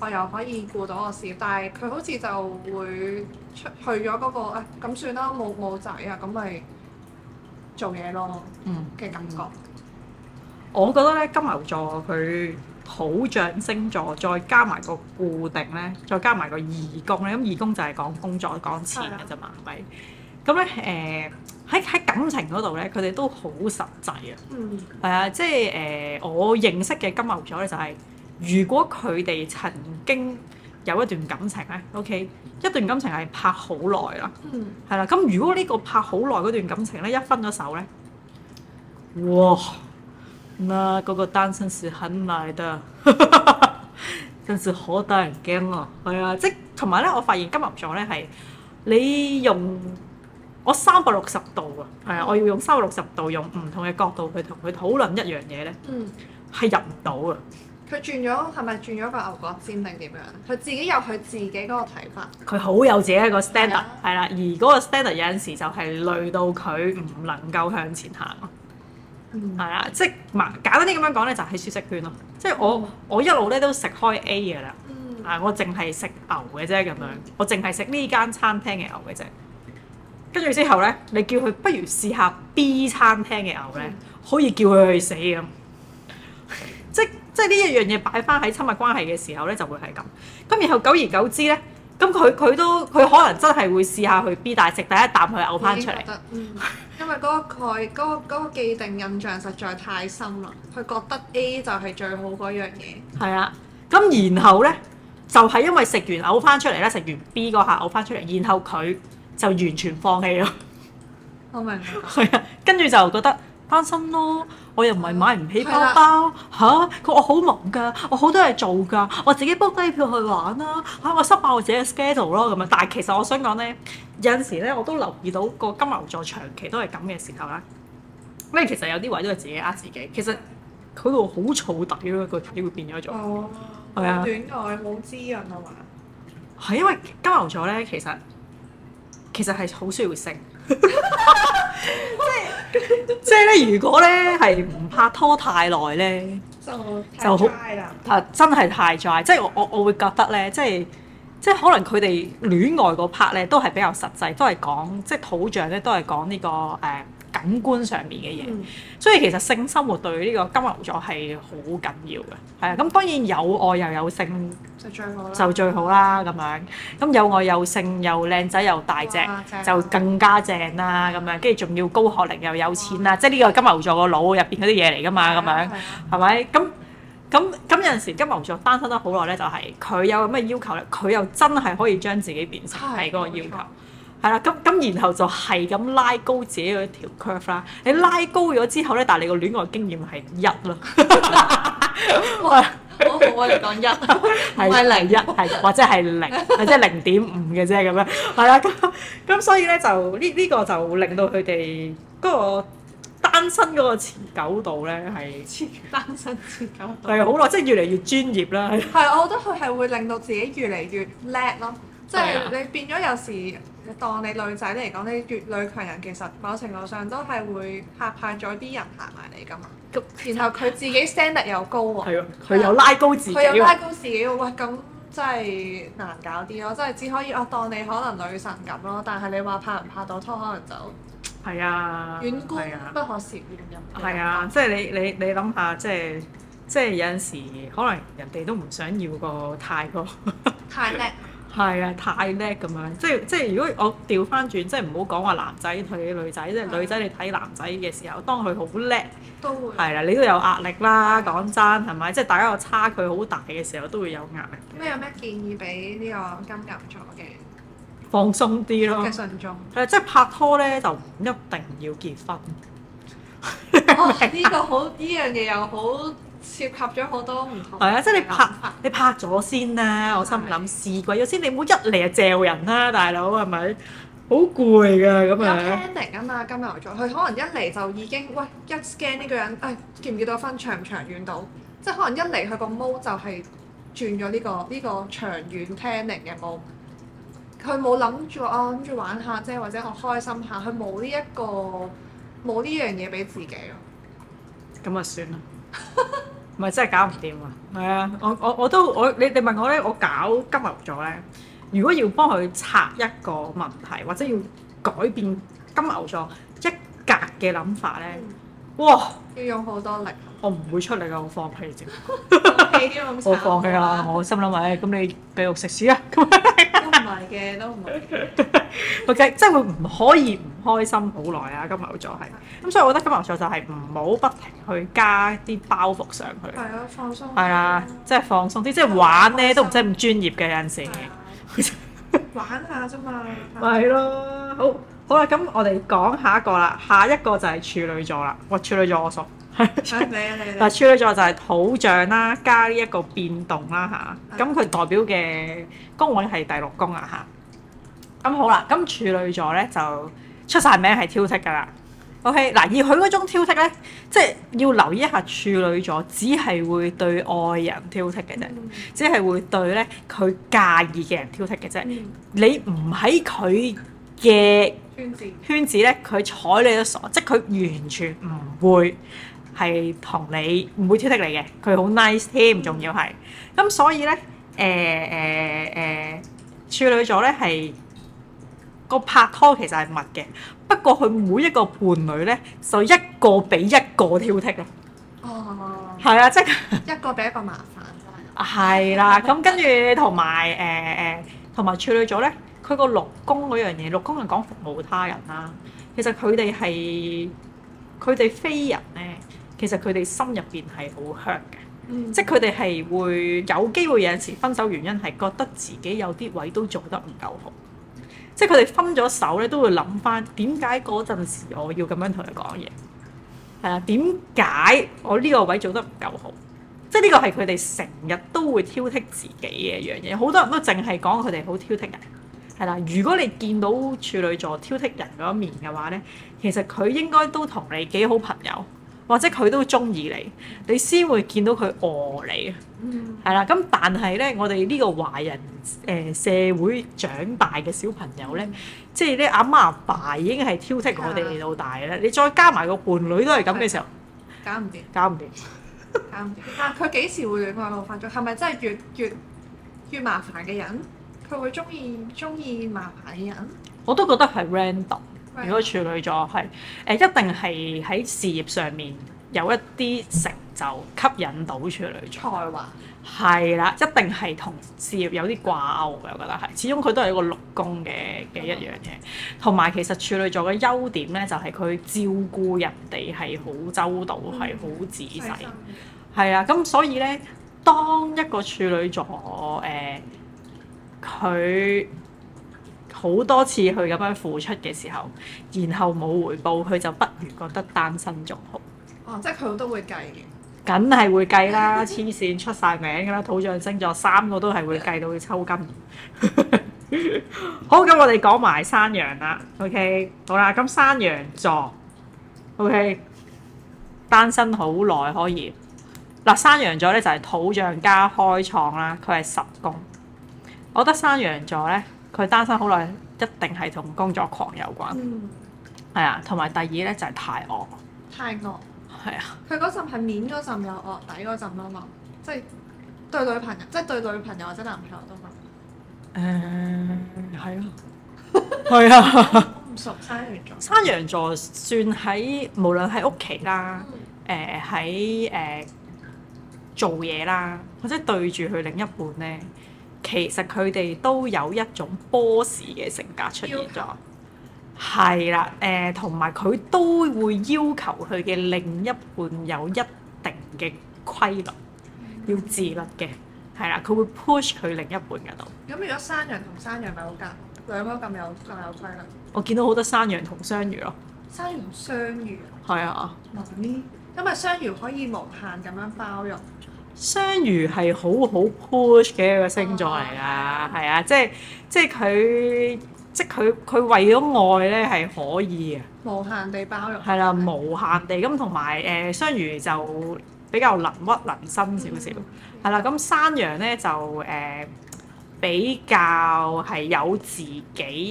我又可以顧到個事業，但係佢好似就會出去咗嗰個，誒咁算啦，冇冇仔啊，咁咪做嘢咯，嗯，嘅感覺，嗯嗯。我覺得咧金牛座佢土象星座，再加埋個固定咧，再加埋個義工咧，咁義工就係講工作講錢嘅啫嘛，係咪？咁咧誒。呃喺喺感情嗰度咧，佢哋都好實際啊！係啊，即係誒，我認識嘅金牛座咧就係，如果佢哋曾經有一段感情咧，OK，一段感情係拍好耐啦，係啦。咁如果呢個拍好耐嗰段感情咧一分咗手咧，哇！嗱，嗰個單身係狠嚟得，真係好得人驚啊！係啊，即係同埋咧，我發現金牛座咧係你用，我三百六十度啊，係啊，我要用三百六十度用唔同嘅角度去同佢討論一樣嘢咧，嗯，係入唔到啊。佢轉咗係咪轉咗個牛角尖定點樣？佢自己有佢自己嗰個睇法。佢好有自己一個 standard 係啦，而嗰個 standard 有陣時就係累到佢唔能夠向前行。係啊、嗯，即係嗱簡單啲咁樣講咧，就係舒適圈咯。即係我我一路咧都食開 A 嘅啦，嗯、啊，我淨係食牛嘅啫咁樣，嗯、我淨係食呢間餐廳嘅牛嘅啫。跟住之後呢，你叫佢不如試下 B 餐廳嘅牛呢，嗯、可以叫佢去死咁。 即係即係呢一樣嘢擺翻喺親密關係嘅時候呢，就會係咁。咁然後久而久之呢，咁佢佢都佢可能真係會試下去 B，但係食第一啖佢嘔翻出嚟。嗯、 因為嗰個概嗰、嗰個嗰個、既定印象實在太深啦，佢覺得 A 就係最好嗰樣嘢。係啊，咁然後呢，就係、係、因為食完嘔翻出嚟咧，食完 B 嗰下嘔翻出嚟，然後佢。就完全放棄咯、 oh my， 我明。係啊，跟住就覺得擔心咯。我又唔係買唔起包包吓？佢、oh, yeah. 啊、我好忙㗎，我好多嘢做㗎，我自己 book 低票去玩啦、啊、嚇、啊，我失爆我自己嘅 schedule 咯咁樣。但係其實我想講咧，有陣時咧我都留意到個金牛座長期都係咁嘅時候咧，咩其實有啲位都係自己呃自己。其實佢度好燥底咯，個體會變咗做哦，係啊、oh, 嗎，戀愛冇滋潤啊嘛。係 因為金牛座咧，其實。其實係好需要性，即係即係咧。如果咧係唔拍拖太耐咧，就就好啊！真係太 dry 即係我我我會覺得咧，即係即係可能佢哋戀愛嗰 part 咧都係比較實際，都係講即係土象咧，都係講呢個誒。Uh, 感官上面嘅嘢，嗯、所以其實性生活對呢個金牛座係好緊要嘅，係啊。咁當然有愛又有性就最好啦，咁樣。咁有愛又有性又靚仔又大隻就更加正啦，咁樣。跟住仲要高學歷又有錢啦，哇即係呢個金牛座個腦入邊嗰啲嘢嚟㗎嘛，咁樣係咪？咁咁咁有陣時金牛座單身得好耐咧，就係佢有咩要求咧？佢又真係可以將自己變成係嗰個要求。係啦，咁咁然後就係咁拉高自己嗰條 curve 啦。你拉高咗之後咧，但係你個戀愛經驗係一咯。好、嗯、啊，好啊、yani, 呵，你講一，唔係 零一，係或者係零，或者係零點五嘅啫咁樣。係啦， 咁咁、 嗯、所以咧就呢呢、呢個就令到佢哋嗰個單身嗰個持久度咧係。單身持久度係好耐，即係、就是、越嚟越專業啦。係，我覺得佢係會令到自己越嚟越叻咯。即係你變咗有時，當你女仔嚟講，你越女強人，其實某程度上都係會嚇怕咗啲人行埋嚟㗎嘛。嗯、然後佢自己 standard 又高喎、哦，係佢又拉高自己、哦，佢又拉高自己喎、哦。喂，咁真係難搞啲咯、哦。真係只可以我、啊、當你可能女神咁咯。但係你話拍唔拍到拖，可能就係啊，遠觀不可視面人。係啊、嗯，即係你你你諗下，即係即係有陣時可能人哋都唔想要個 太個太叻。係啊，太叻咁樣，即係即係如果我調翻轉，即係唔好講話男仔睇女仔，即係的女仔你睇男仔嘅時候，當佢好叻，都會係啦，你都有壓力啦，講的真，係咪？即係大家個差距好大嘅時候，都會有壓力。咁有咩建議俾呢個金牛座嘅？放鬆啲咯，即係拍拖咧就唔一定要結婚。呢、 哦、 個好，呢樣嘢又好。涉及咗好多唔同係、哎、啊！即係你拍你拍咗先啦，我心諗試鬼咗先，你唔好一嚟就嚼人啦、啊，大佬係咪？好攰㗎咁啊！有 planning 啊嘛，金牛座佢可能一嚟就已經喂一 scan 呢個人，誒結唔結得分長唔長遠到？即係可能一嚟佢、個毛就係轉咗呢個呢個長遠 planning 嘅毛。佢冇諗住啊諗住玩下啫，或者我開心下，佢冇呢一個冇呢樣嘢俾自己咯。咁啊，算啦。唔係真係搞唔掂啊！係啊，我我我都我你你問我咧，我搞金牛座咧，如果要幫佢拆一個問題或者要改變金牛座一格嘅諗法咧，嗯、哇，要用好多力。我唔會出嚟啊！我放屁，我放棄啦！ 我， 我心諗話，誒、哎，咁你畀我食屎啊！咁都唔係嘅，都唔係。 ok，即係會唔可以唔開心好耐啊！金牛座係，咁、啊嗯、所以我覺得金牛座就係唔好不停去加啲包袱上去。係啊，放鬆。係啊，即係放鬆啲，即係、啊、玩咧呢都唔使咁專業嘅有陣時。啊嗯、玩下啫嘛。咪咯 啊，好好啦，咁我哋講下一個啦，下一個就係處女座啦。我處女座我，我熟。處女座就係土象啦，加呢一個變動啦吓，咁、啊、佢、嗯、代表嘅宮位係第六宮啊吓。咁、啊嗯、好啦，咁處女座咧就出晒名係挑剔噶啦。OK，嗱，而佢嗰種挑剔咧，即係要留意一下處女座只係會對愛人挑剔嘅啫，嗯、只係會對咧佢介意嘅人挑剔嘅啫。嗯、你唔喺佢嘅圈子呢，圈子咧佢睬你都傻，即係佢完全唔會。係同你唔會挑剔你嘅，佢好 nice 添，仲要係。咁所以咧，誒誒誒，處女座咧係個拍拖其實係密嘅，不過佢每一個伴侶咧，就一個比一個挑剔咯。哦。係啊，即係 一個比一個麻煩，真係。係啦、啊，咁 跟住同埋誒誒，同埋、呃、處女座咧，佢個六宮嗰樣嘢，六宮係講服務他人啦、啊。其實佢哋係佢哋非人咧。 其實佢哋心入邊係好傷嘅，嗯、即係佢哋係會有機會有陣時分手原因係覺得自己有啲位都做得唔夠好，即係佢哋分咗手咧都會諗翻點解嗰陣時我要咁樣同佢講嘢，係啦，點解我呢個位做得唔夠好？即係呢個係佢哋成日都會挑剔自己嘅一樣嘢。好多人都淨係講佢哋好挑剔人，係啦。如果你見到處女座挑剔人嗰一面嘅話咧，其實佢應該都同你幾好朋友。或者佢都中意你，你先會見到佢餓你啊，係啦、嗯。咁但係咧，我哋呢個華人誒、呃、社會長大嘅小朋友咧，嗯、即係啲阿媽阿爸已經係挑剔我哋嚟到大嘅啦。啊、你再加埋個伴侶都係咁嘅時候，搞唔掂，搞唔掂。但佢幾時會戀愛腦發作？係咪真係越越越麻煩嘅人，佢會中意中意麻煩嘅人？我都覺得係 random。如果處女座係誒、呃，一定係喺事業上面有一啲成就吸引到處女座，才華係啦，一定係同事業有啲掛鈎嘅，我覺得係。始終佢都係一個六宮嘅嘅一樣嘢。同埋、嗯、其實處女座嘅優點咧，就係、是、佢照顧人哋係好周到，係好、嗯、仔細。係啊，咁所以咧，當一個處女座誒，佢、呃。好多次佢咁樣付出嘅時候，然後冇回報，佢就不如覺得單身仲好。哦，即係佢都會計嘅，梗係會計啦，黐線 出晒名噶啦，土象星座三個都係會計到佢抽筋。 好，咁我哋講埋山羊啦。OK，好啦，咁山羊座，OK，單身好耐可以。嗱、啊，山羊座咧就係、是、土象加開創啦，佢係十宮。我覺得山羊座咧。佢單身好耐，一定係同工作狂有關。嗯，係啊，同埋第二咧就係太惡。太惡。係啊。佢嗰陣係面嗰陣有惡底嗰陣啦嘛，即係對女朋友，即係對女朋友或者男朋友都嘛。誒，係啊、嗯，係啊。唔 熟山羊座。山羊座算喺無論喺屋企啦，誒喺誒做嘢啦，或者對住佢另一半咧。其實佢哋都有一種 boss 嘅性格出現咗，係啦求，誒，同埋佢都會要求佢嘅另一半有一定嘅規律，嗯、要自律嘅，係啦，佢會 push 佢另一半嗰度。咁如果山羊同山羊咪好夾，兩個咁有咁有規律。我見到好多山羊同雙魚咯。山羊雙魚。係的啊。唔呢、嗯，因為雙魚可以無限咁樣包容。雙魚係好好 push 嘅一個星座嚟噶，係啊、哦，即係即係佢即係佢佢為咗愛咧係可以啊，無限地包容，係啦，無限地咁同埋誒雙魚就比較能屈能伸少少，係啦、嗯，咁山羊咧就誒、呃、比較係有自己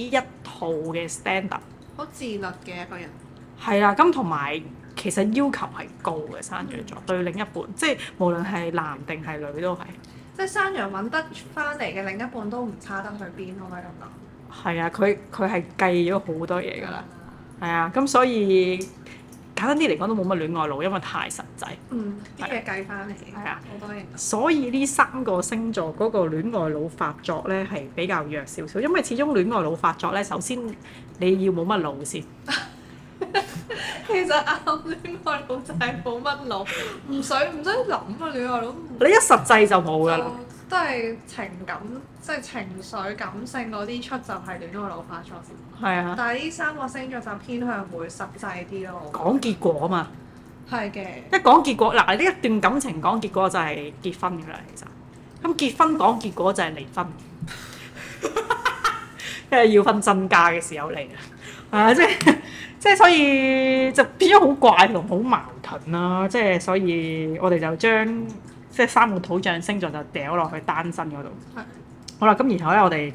一套嘅 standard 好自律嘅一個人，係啦，咁同埋。其實要求係高嘅山羊座、嗯、對另一半，即係無論係男定係女都係。即係山羊揾得翻嚟嘅另一半都唔差得去邊，可唔可以咁講？係啊，佢佢係計咗好多嘢㗎啦。係、嗯、啊，咁所以簡單啲嚟講都冇乜戀愛腦，因為太實際。嗯，啲嘢計翻嚟。係啊，好、啊、多嘢。所以呢三個星座嗰個戀愛腦發作呢係比較弱少少，因為始終戀愛腦發作呢，首先你要冇乜腦先。 其實啱戀愛腦就係冇乜腦，唔想唔想諗啊戀愛腦。你一實際就冇噶啦。都係情感，即係情緒、感性嗰啲出就係戀愛腦發錯線。係啊。但係呢三個星座就偏向會實際啲咯。講結果嘛。係嘅。一講結果嗱，呢一段感情講結果就係結婚噶啦，其實。咁結婚講結果就係離婚。即係要分真假嘅時候嚟啦，係嘛即係。即係所以就變咗好怪同好矛盾啦、啊。即係所以我哋就將即係三個土象星座就掉落去單身嗰度。係的。好啦，咁然後咧，我哋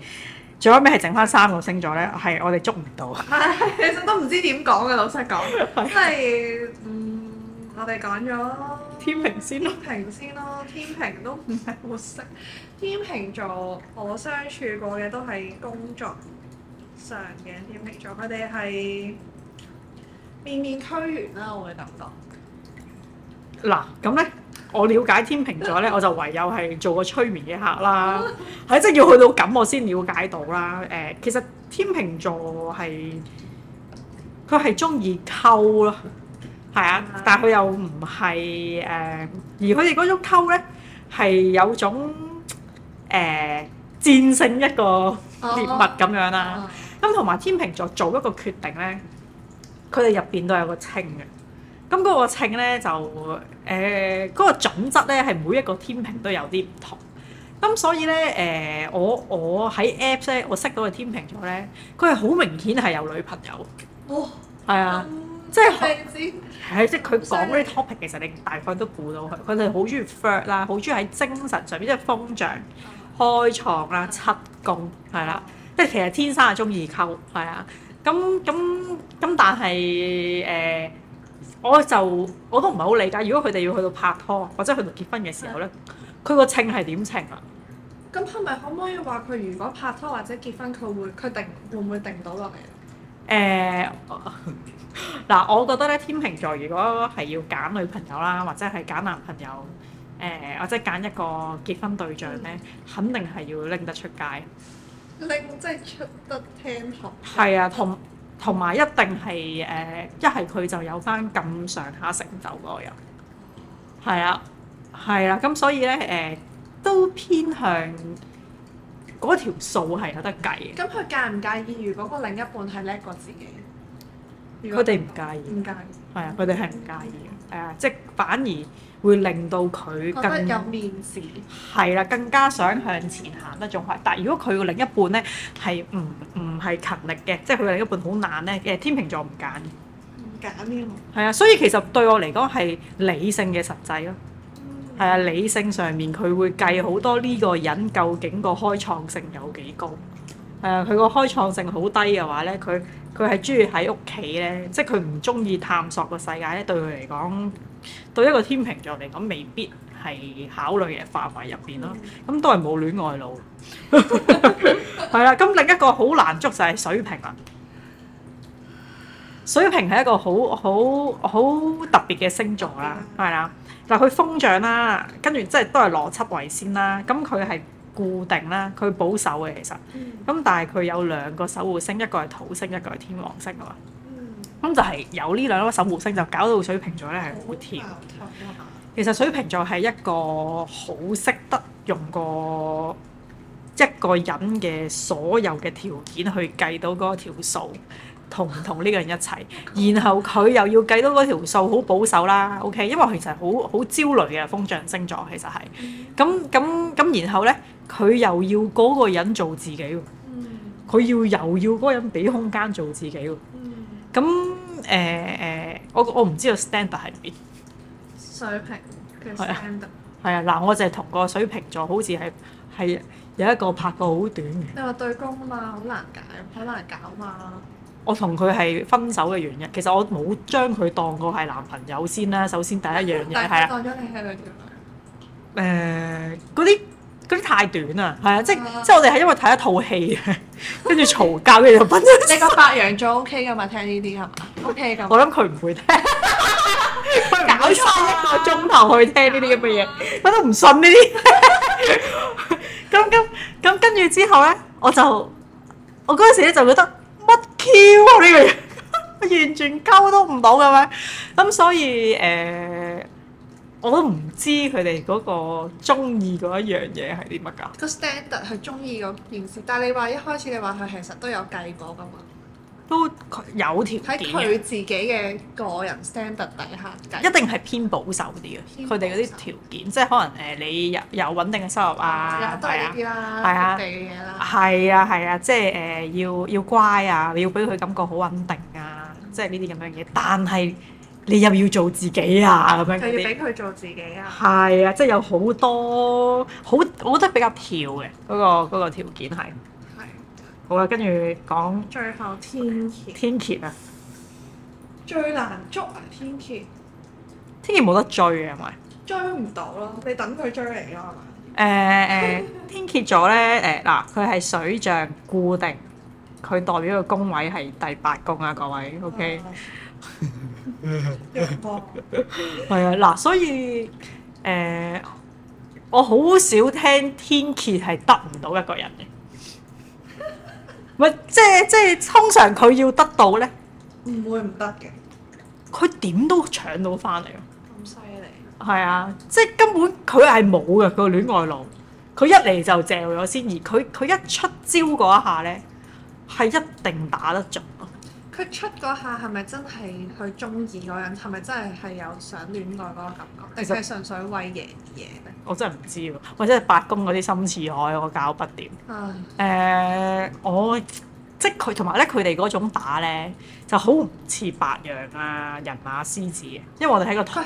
最後尾係剩翻三個星座咧，係我哋捉唔到。係、 哎，其實都唔知點講嘅，老實講。因為 嗯，我哋講咗天秤先咯，天秤先咯。天秤都唔係好識。天秤座我相處過嘅都係工作上嘅天秤座，佢哋係。面面俱圓啦，我嘅感覺。嗱，咁咧，我了解天秤座咧， 我就唯有係做個催眠嘅客啦，係即係要去到咁，我先了解到啦。誒、呃，其實天秤座係佢係中意溝咯，係啊， 但係佢又唔係誒，而佢哋嗰種溝咧係有種誒、呃、戰勝一個獵物咁樣啦、啊。咁同埋天秤座做一個決定咧。佢哋入邊都有個稱嘅，咁、嗯、嗰、那個稱咧就誒嗰、呃、那個準則咧係每一個天平都有啲唔同，咁、嗯、所以咧誒、呃、我我喺 Apps 咧我識到嘅天平組咧，佢係好明顯係有女朋友，哦，係啊，嗯、即係是係、嗯、即係佢講嗰啲 topic，其實你大概都估到佢，佢哋好中意 friend 啦，好中意喺精神上邊即係風象開創啦七宮，係啦，即係、啊啊、其實天生係中意溝係啊。咁咁咁，但係誒、呃，我就我都唔係好理解，如果佢哋要去到拍拖或者去到結婚嘅時候咧，佢個稱係點稱啊？咁係咪可唔可以話佢如果拍拖或者結婚，佢會佢定會唔會定到落嚟？誒、呃，嗱、 呃，我覺得咧，天秤座如果係要揀女朋友啦，或者係揀男朋友，誒、呃，或者揀一個結婚對象咧，嗯、肯定係要拎得出街。拎即係出得聽學係啊，同同埋一定係誒一係佢就有返咁上下成就嗰個人係啊係啊。咁、啊嗯、所以咧誒、呃、都偏向嗰條數係有得計嘅。咁佢介唔介意？如果個另一半係叻過自己，佢哋唔介意，唔介意係啊，佢哋係唔介意。係、啊、即係反而會令到佢更有面子，啊、更加想向前行得仲快。但係如果佢嘅另一半咧係唔唔係勤力嘅，即係佢嘅另一半好懶咧，嘅天秤座唔揀。唔揀呢？係啊，所以其實對我嚟講係理性嘅實際咯。係、嗯、啊，理性上面佢會計好多呢個人究竟個開創性有幾高？誒佢個開創性好低嘅話咧，佢佢係中意喺屋企咧，即係佢唔中意探索個世界咧。對佢嚟講，對一個天秤座嚟講，未必係考慮嘅範圍入邊咯。咁、嗯、都係冇戀愛腦，係 啦、 嗯。咁另一個好難捉實係水瓶啦。水瓶係一個好好好特別嘅星座啦、啊，係啦、啊。嗱、嗯、佢風象啦、啊，跟住即係都係邏輯為先啦、啊。咁佢係。固定啦，佢保守嘅其實，咁但係佢有兩個守護星，一個係土星，一個係天王星啊嘛，咁就係有呢兩個守護星就搞到水瓶座咧係好甜。其實水瓶座係一個好識得用個一個人嘅所有嘅條件去計到嗰條數。同唔同呢個人一齊， 然後佢又要計到嗰條數，好保守啦。OK，因為其實好好焦慮嘅風象星座其實係咁咁咁，嗯、然後咧佢又要嗰個人做自己，佢要、嗯、又要嗰人俾空間做自己。咁誒誒，我我唔知道 standard 係邊，水瓶嘅 standard 係啊嗱、啊，我就係同個水瓶座好，好似係係有一個拍過好短。嘅。你話對公啊嘛，好難解，好難搞嘛。我同佢係分手嘅原因，其實我冇將佢當過係男朋友先啦。首先第一樣嘢係啦，當咗你係兩條女。誒，嗰啲嗰啲太短啊，係啊，即係即係我哋係因為睇一套戲，跟住嘈交，跟住就分咗。你個白羊座 OK 㗎嘛？聽呢啲係嘛？OK 㗎。我諗佢唔會聽，佢唔會花一個鐘頭去聽呢啲咁嘅嘢，我都唔信呢啲。咁咁咁跟住之後咧，我就我嗰陣時咧就覺得。Q 啊，呢樣， 完全溝都唔到嘅咩？咁所以誒、呃，我都唔知佢哋嗰個中意嗰一樣嘢係啲乜㗎。個 standard 係中意嗰件事，但係你話一開始你話佢其實都有計過㗎嘛？都有條件喺佢自己嘅個人 standard 底下，一定係偏保守啲嘅。佢哋嗰啲條件，即係可能誒、呃，你有有穩定嘅收入啊，係啊，當、啊、啦，係啊係啊，啊，啊，即係誒、呃、要要乖啊，你要俾佢感覺好穩定啊，嗯、即係呢啲咁樣嘢。但係你又要做自己啊，咁樣就要俾佢做自己啊。係啊，即係有好多好，我覺得比較挑嘅嗰個嗰、嗰個嗰個條件係。好啦，跟住講最後天蠍。天蠍啊，最難捉啊，天蠍。天蠍冇得追啊，係咪？追唔到咯，你等佢追嚟咯，係咪？誒誒，天蠍座咧，誒嗱，佢係水象固定，佢代表嘅宮位係第八宮啊，各位，OK？OK。係啊，嗱，所以誒，我好少聽天蠍係得唔到一個人嘅。即係即係，通常佢要得到咧，唔會唔得嘅。佢點都搶到翻嚟咁犀利。係啊，即係根本佢係冇嘅，個戀愛腦。佢一嚟就借咗先，而佢佢一出招嗰一下咧，係一定打得準。出嗰下係咪真係佢中意嗰人？係咪真係係有想戀愛嗰個感覺？定係純粹為贏而贏咧？我真係唔知喎，或者八宮嗰啲心似海，我搞不掂。誒、呃，唉 我即係佢，同埋咧佢哋嗰種打咧，就好唔似白羊啊、人馬、獅子，因為我哋喺個台，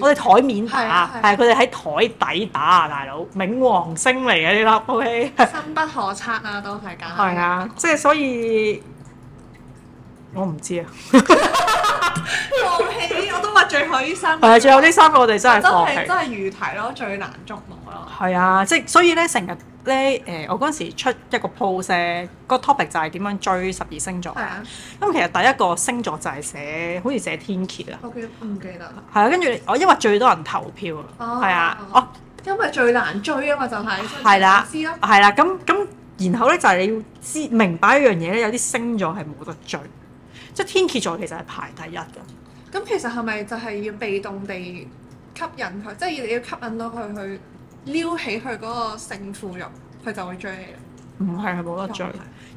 我哋台面打，係佢哋喺台底打啊，大佬，冥王星嚟嘅呢粒 OK，深不可測啊，都係㗎。係啊，即係所以。我唔知啊！放棄，我都話最後呢三個係啊，最後呢三個我哋真係放棄，真係如題咯，最難捉摸咯。係啊，即係所以咧，成日咧誒，我嗰陣時出一個 post，個 topic 就係點樣追十二星座。係啊，咁其實第一個星座就係寫，好似寫天蠍啊。我記得，我記得。係啊，跟住我因為最多人投票啊，係啊，我因為最難追啊嘛，就係係啦，知咯，係啦，咁咁，然後咧就係你要知明白一樣嘢咧，有啲星座係冇得追。即天蠍座其實係排第一嘅。咁其實係咪就係要被動地吸引佢？即係你要吸引到佢去撩起佢嗰個勝負慾，佢就會追你啦。唔係，係冇得追。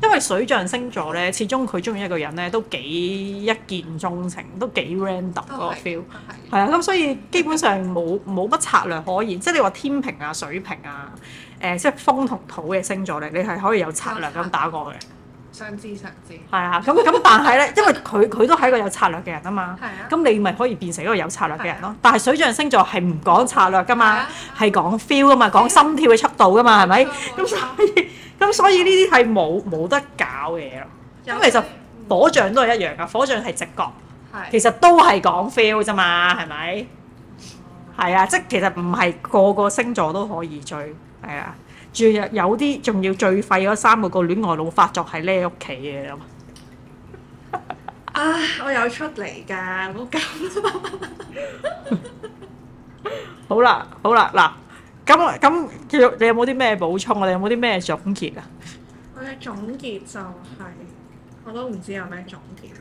因為水象星座咧，始終佢中意一個人咧，都幾一見鍾情，都幾 random 嗰個 feel。係啊、哦，咁所以基本上冇冇乜策略可言。即係你話天平啊、水瓶啊、誒、呃，即係風同土嘅星座咧，你係可以有策略咁打過去。想知就知，係啊，咁咁，但係咧，因為佢佢都係一個有策略嘅人啊嘛，咁你咪可以變成一個有策略嘅人咯。但係水象星座係唔講策略㗎嘛，係講 feel 㗎嘛，講心跳嘅速度㗎嘛，係咪？咁所以咁所以呢啲係冇冇得搞嘅，因為其實火象都係一樣㗎，火象係直覺，其實都係講 feel 啫嘛，係咪？係啊，即係其實唔係個個星座都可以追，係啊。仲有有啲仲要最廢嗰三個個戀愛腦發作喺呢屋企嘅咁。啊！我有出嚟㗎，冇咁。好啦，好啦，嗱，咁咁，其實你有冇啲咩補充啊？你有冇啲咩總結啊？我嘅總結就係我都唔知有咩總結。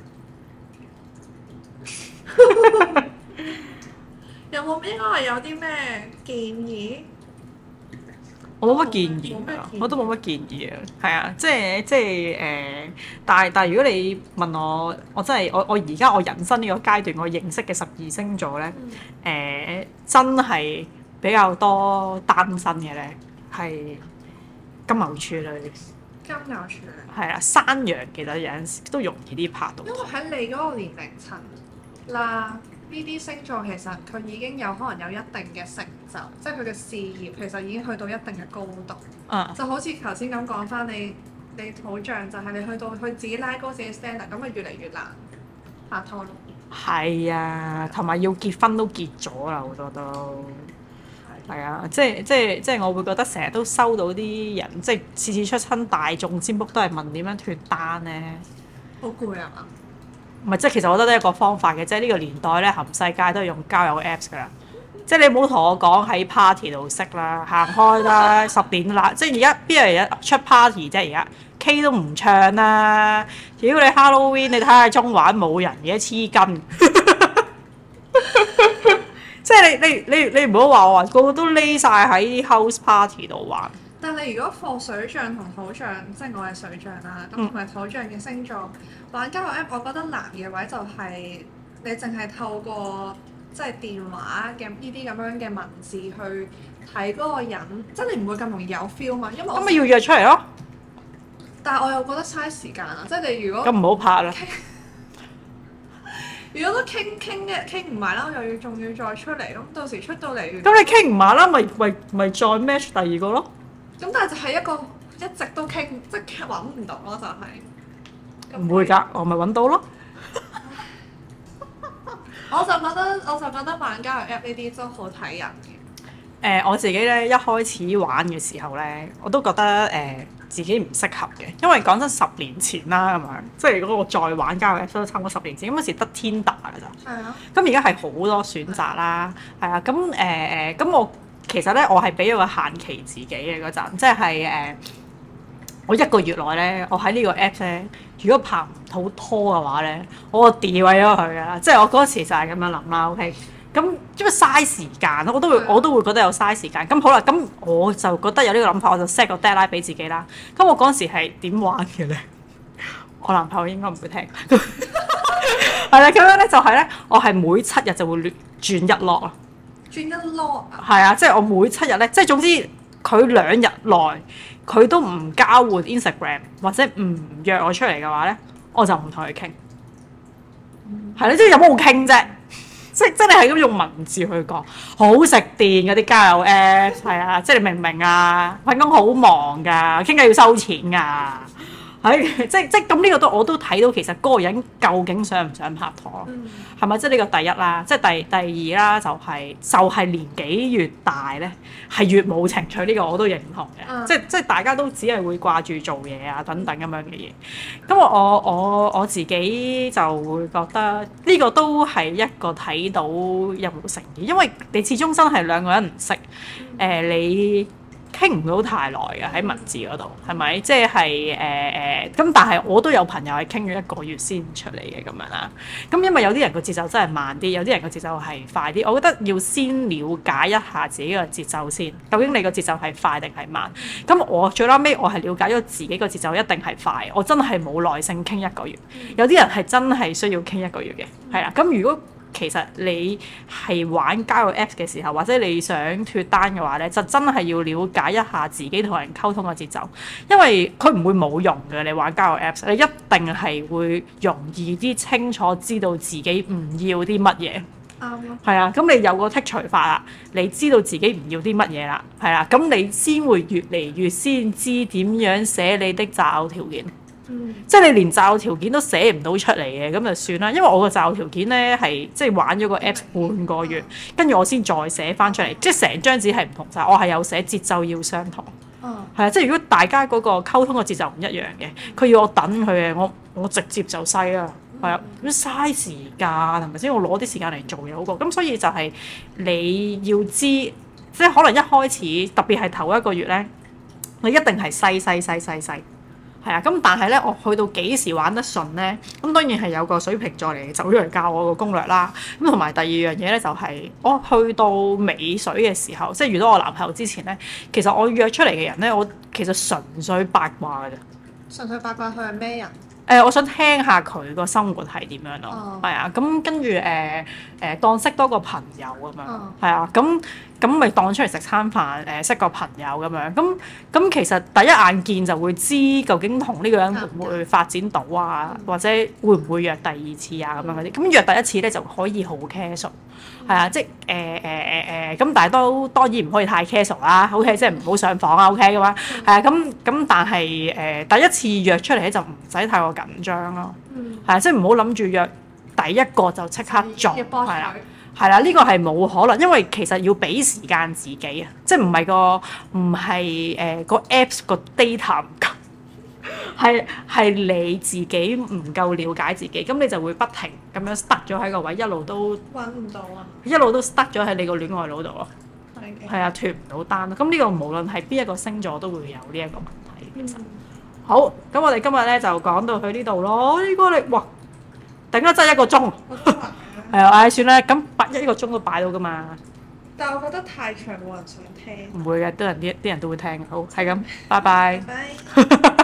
有冇應該係有啲咩建議？我冇乜建議啊！我都冇乜建議啊！係啊，即係即係誒，但係但係如果你問我，我真係我我而家我人生呢個階段，我認識嘅十二星座咧，誒、嗯呃、真係比較多單身嘅咧，係金牛處女，金牛處女，係啊，山羊其實有陣時都容易啲拍到，因為喺你嗰個年齡層啦。呢啲星座其實佢已經有可能有一定嘅成就，即係佢嘅事業其實已經去到一定嘅高度。啊，就好似頭先咁講翻，你你土象就係、是、你去到去自己拉高自己 standard，咁咪越嚟越難拍拖咯，係啊，同埋要結婚都結咗啦，好多都係啊，即係即係即係我會覺得成日都收到啲人，即係次次出親大眾占卜都係問點樣脫單咧，好攰啊！唔係，即係其實我覺得一個方法嘅，即係呢個年代咧，含世界都係用交友 apps 噶啦。即係你唔好同我講喺 party 度識啦，行開啦，十點啦。即係而家邊有人出 party 啫？而家 K 都唔唱啦。屌你 Halloween，你睇下中環冇人嘅黐筋， 即係你你你你唔好話我話個個都匿晒喺 house party 度玩。但你如果放水象同土象，即係我係水象啦，咁同埋土象嘅星座、嗯、玩交友 App，我覺得難嘅位就係你淨係透過即係電話嘅呢啲咁樣嘅文字去睇嗰個人，真係唔會咁容易有 feel 嘛。因為我咁咪要約出嚟咯。但係我又覺得嘥時間啊！即係你如果咁唔好拍啦。 如果都傾傾嘅傾唔埋啦，我又要仲要再出嚟，咁到時出到嚟咁你傾唔埋啦，咪咪咪再 match 第二個咯。咁但係就係一個一直都傾，即係揾唔到咯，就係、是。唔會㗎，我咪揾到咯。 我就覺得，我就覺得玩交友 App 呢啲都好睇人嘅。誒、呃，我自己咧一開始玩嘅時候咧，我都覺得誒、呃、自己唔適合嘅，因為講真，十年前啦咁樣，即係如果我再玩交友 App，都差唔多十年前，咁嗰時得 Tinder 㗎咋。係啊、uh。咁而家係好多選擇啦，係、uh huh. 啊，咁誒誒，咁、呃、我。其實咧，我係俾咗個限期自己嘅嗰陣，即係誒、呃，我一個月內咧，我喺呢個 app 咧，如果拍唔到拖嘅話咧，我就 delete 咗佢啦。即係我嗰時就係咁樣諗啦。OK，咁即係嘥時間，我都會我都會覺得有嘥時間。咁好啦，咁我就覺得有呢個諗法，我就 set 個 deadline 俾自己啦。咁我嗰時係點玩嘅咧？ 我男朋友應該唔會聽。係 啦， 咁樣咧就係、是、咧，我係每七日就會轉一落。轉得咯啊！係 啊，即係我每七日咧，即係總之佢兩日內佢都唔交換 Instagram 或者唔約我出嚟嘅話咧，我就唔同佢傾。係咯、嗯，即係有冇好傾啫？ 即即係你係咁用文字去講，好食電嗰啲交友 Apps 係啊， 即係你明唔明啊？揾工好忙㗎，傾偈要收錢㗎。係、哎，即即咁呢個都我都睇到，其實嗰個人究竟想唔想拍拖，係咪、嗯？即呢個第一啦，即第第二啦、就係，就係就係年紀越大咧，係越冇情趣呢、呢個我都認同嘅。嗯、即即大家都只係會掛住做嘢啊等等咁樣嘅嘢。咁我我我自己就會覺得呢個都係一個睇到有冇誠意嘅，因為你始終真係兩個人唔識誒你。傾唔到太耐嘅喺文字嗰度，係咪？即係誒誒，咁、呃呃、但係我都有朋友係傾咗一個月先出嚟嘅咁樣啦。咁因為有啲人個節奏真係慢啲，有啲人個節奏係快啲。我覺得要先了解一下自己嘅節奏先，究竟你個節奏係快定係慢。咁我最拉尾我係了解咗自己個節奏一定係快，我真係冇耐性傾一個月。有啲人係真係需要傾一個月嘅，係啦。咁如果其實你係玩交友 Apps 嘅時候，或者你想脫單嘅話呢就真係要了解一下自己同人溝通嘅節奏，因為佢唔會冇用嘅。你玩交友 Apps，你一定係會容易啲清楚知道自己唔要啲乜嘢。啱啊、um。係啊，咁你有個剔除法啦，你知道自己唔要啲乜嘢啦，係啦，咁你先會越嚟越先知點樣寫你的擇偶條件。即係你連擇偶條件都寫唔到出嚟嘅，咁就算啦。因為我個擇偶條件呢係即係玩咗個 app 半個月，跟住我先再寫翻出嚟，即係成張紙係唔同晒。我係有寫節奏要相同，係啊、嗯，即係如果大家嗰個溝通嘅節奏唔一樣嘅，佢要我等佢嘅，我我直接就篩啦，係啊，咁嘥時間係咪先？我攞啲時間嚟做嘢好過，咁、嗯、所以就係你要知，即係可能一開始，特別係頭一個月呢，你一定係篩篩篩篩篩。係啊，咁但係咧，我去到幾時玩得順咧？咁當然係有個水瓶座嚟走咗嚟教我個攻略啦。咁同埋第二樣嘢咧，就係、是、我去到尾水嘅時候，即係遇到我男朋友之前咧，其實我約出嚟嘅人咧，我其實純粹八卦㗎啫。純粹八卦佢係咩人？誒、呃，我想聽下佢個生活係點樣咯。係啊、oh.，咁、嗯、跟住誒誒當識多個朋友咁樣。係啊、oh.，咁、嗯。嗯咁咪當出嚟食餐飯，誒、呃、識個朋友咁樣。咁咁其實第一眼見就會知究竟同呢個人會唔會發展到啊，嗯、或者會唔會約第二次啊咁樣啲。咁約第一次咧就可以好 casual，係、嗯、啊，即係誒誒誒誒，咁、呃呃呃、但係都當然唔可以太 casual 啦、啊。OK，即係唔好上房 OK 嘅嘛。係啊，咁、okay，咁、嗯啊、但係誒、呃、第一次約出嚟咧就唔使太過緊張咯。嗯。係啊，即係唔好諗住約第一個就即刻做，係、嗯啊、啦。係啦，呢、這個係冇可能，因為其實要俾時間自己啊，即係唔係個唔係誒個 apps 個 data 唔夠，係 係你自己唔夠了解自己，咁你就會不停咁樣 stuck 咗喺個位，一路都揾唔到啊，一路都 stuck 咗喺你個戀愛腦度咯，係啊的，脫唔到單咯。咁呢個無論係邊一個星座都會有呢一個問題。嗯、好，咁我哋今日咧就講到去呢度咯。呢、這個你哇，等頂得真一個鐘。 係啊，唉，算啦，咁八一一個鐘都擺到噶嘛。但係我覺得太長冇人想聽。唔會嘅，多人啲啲人都會聽，好，係咁，拜拜。拜。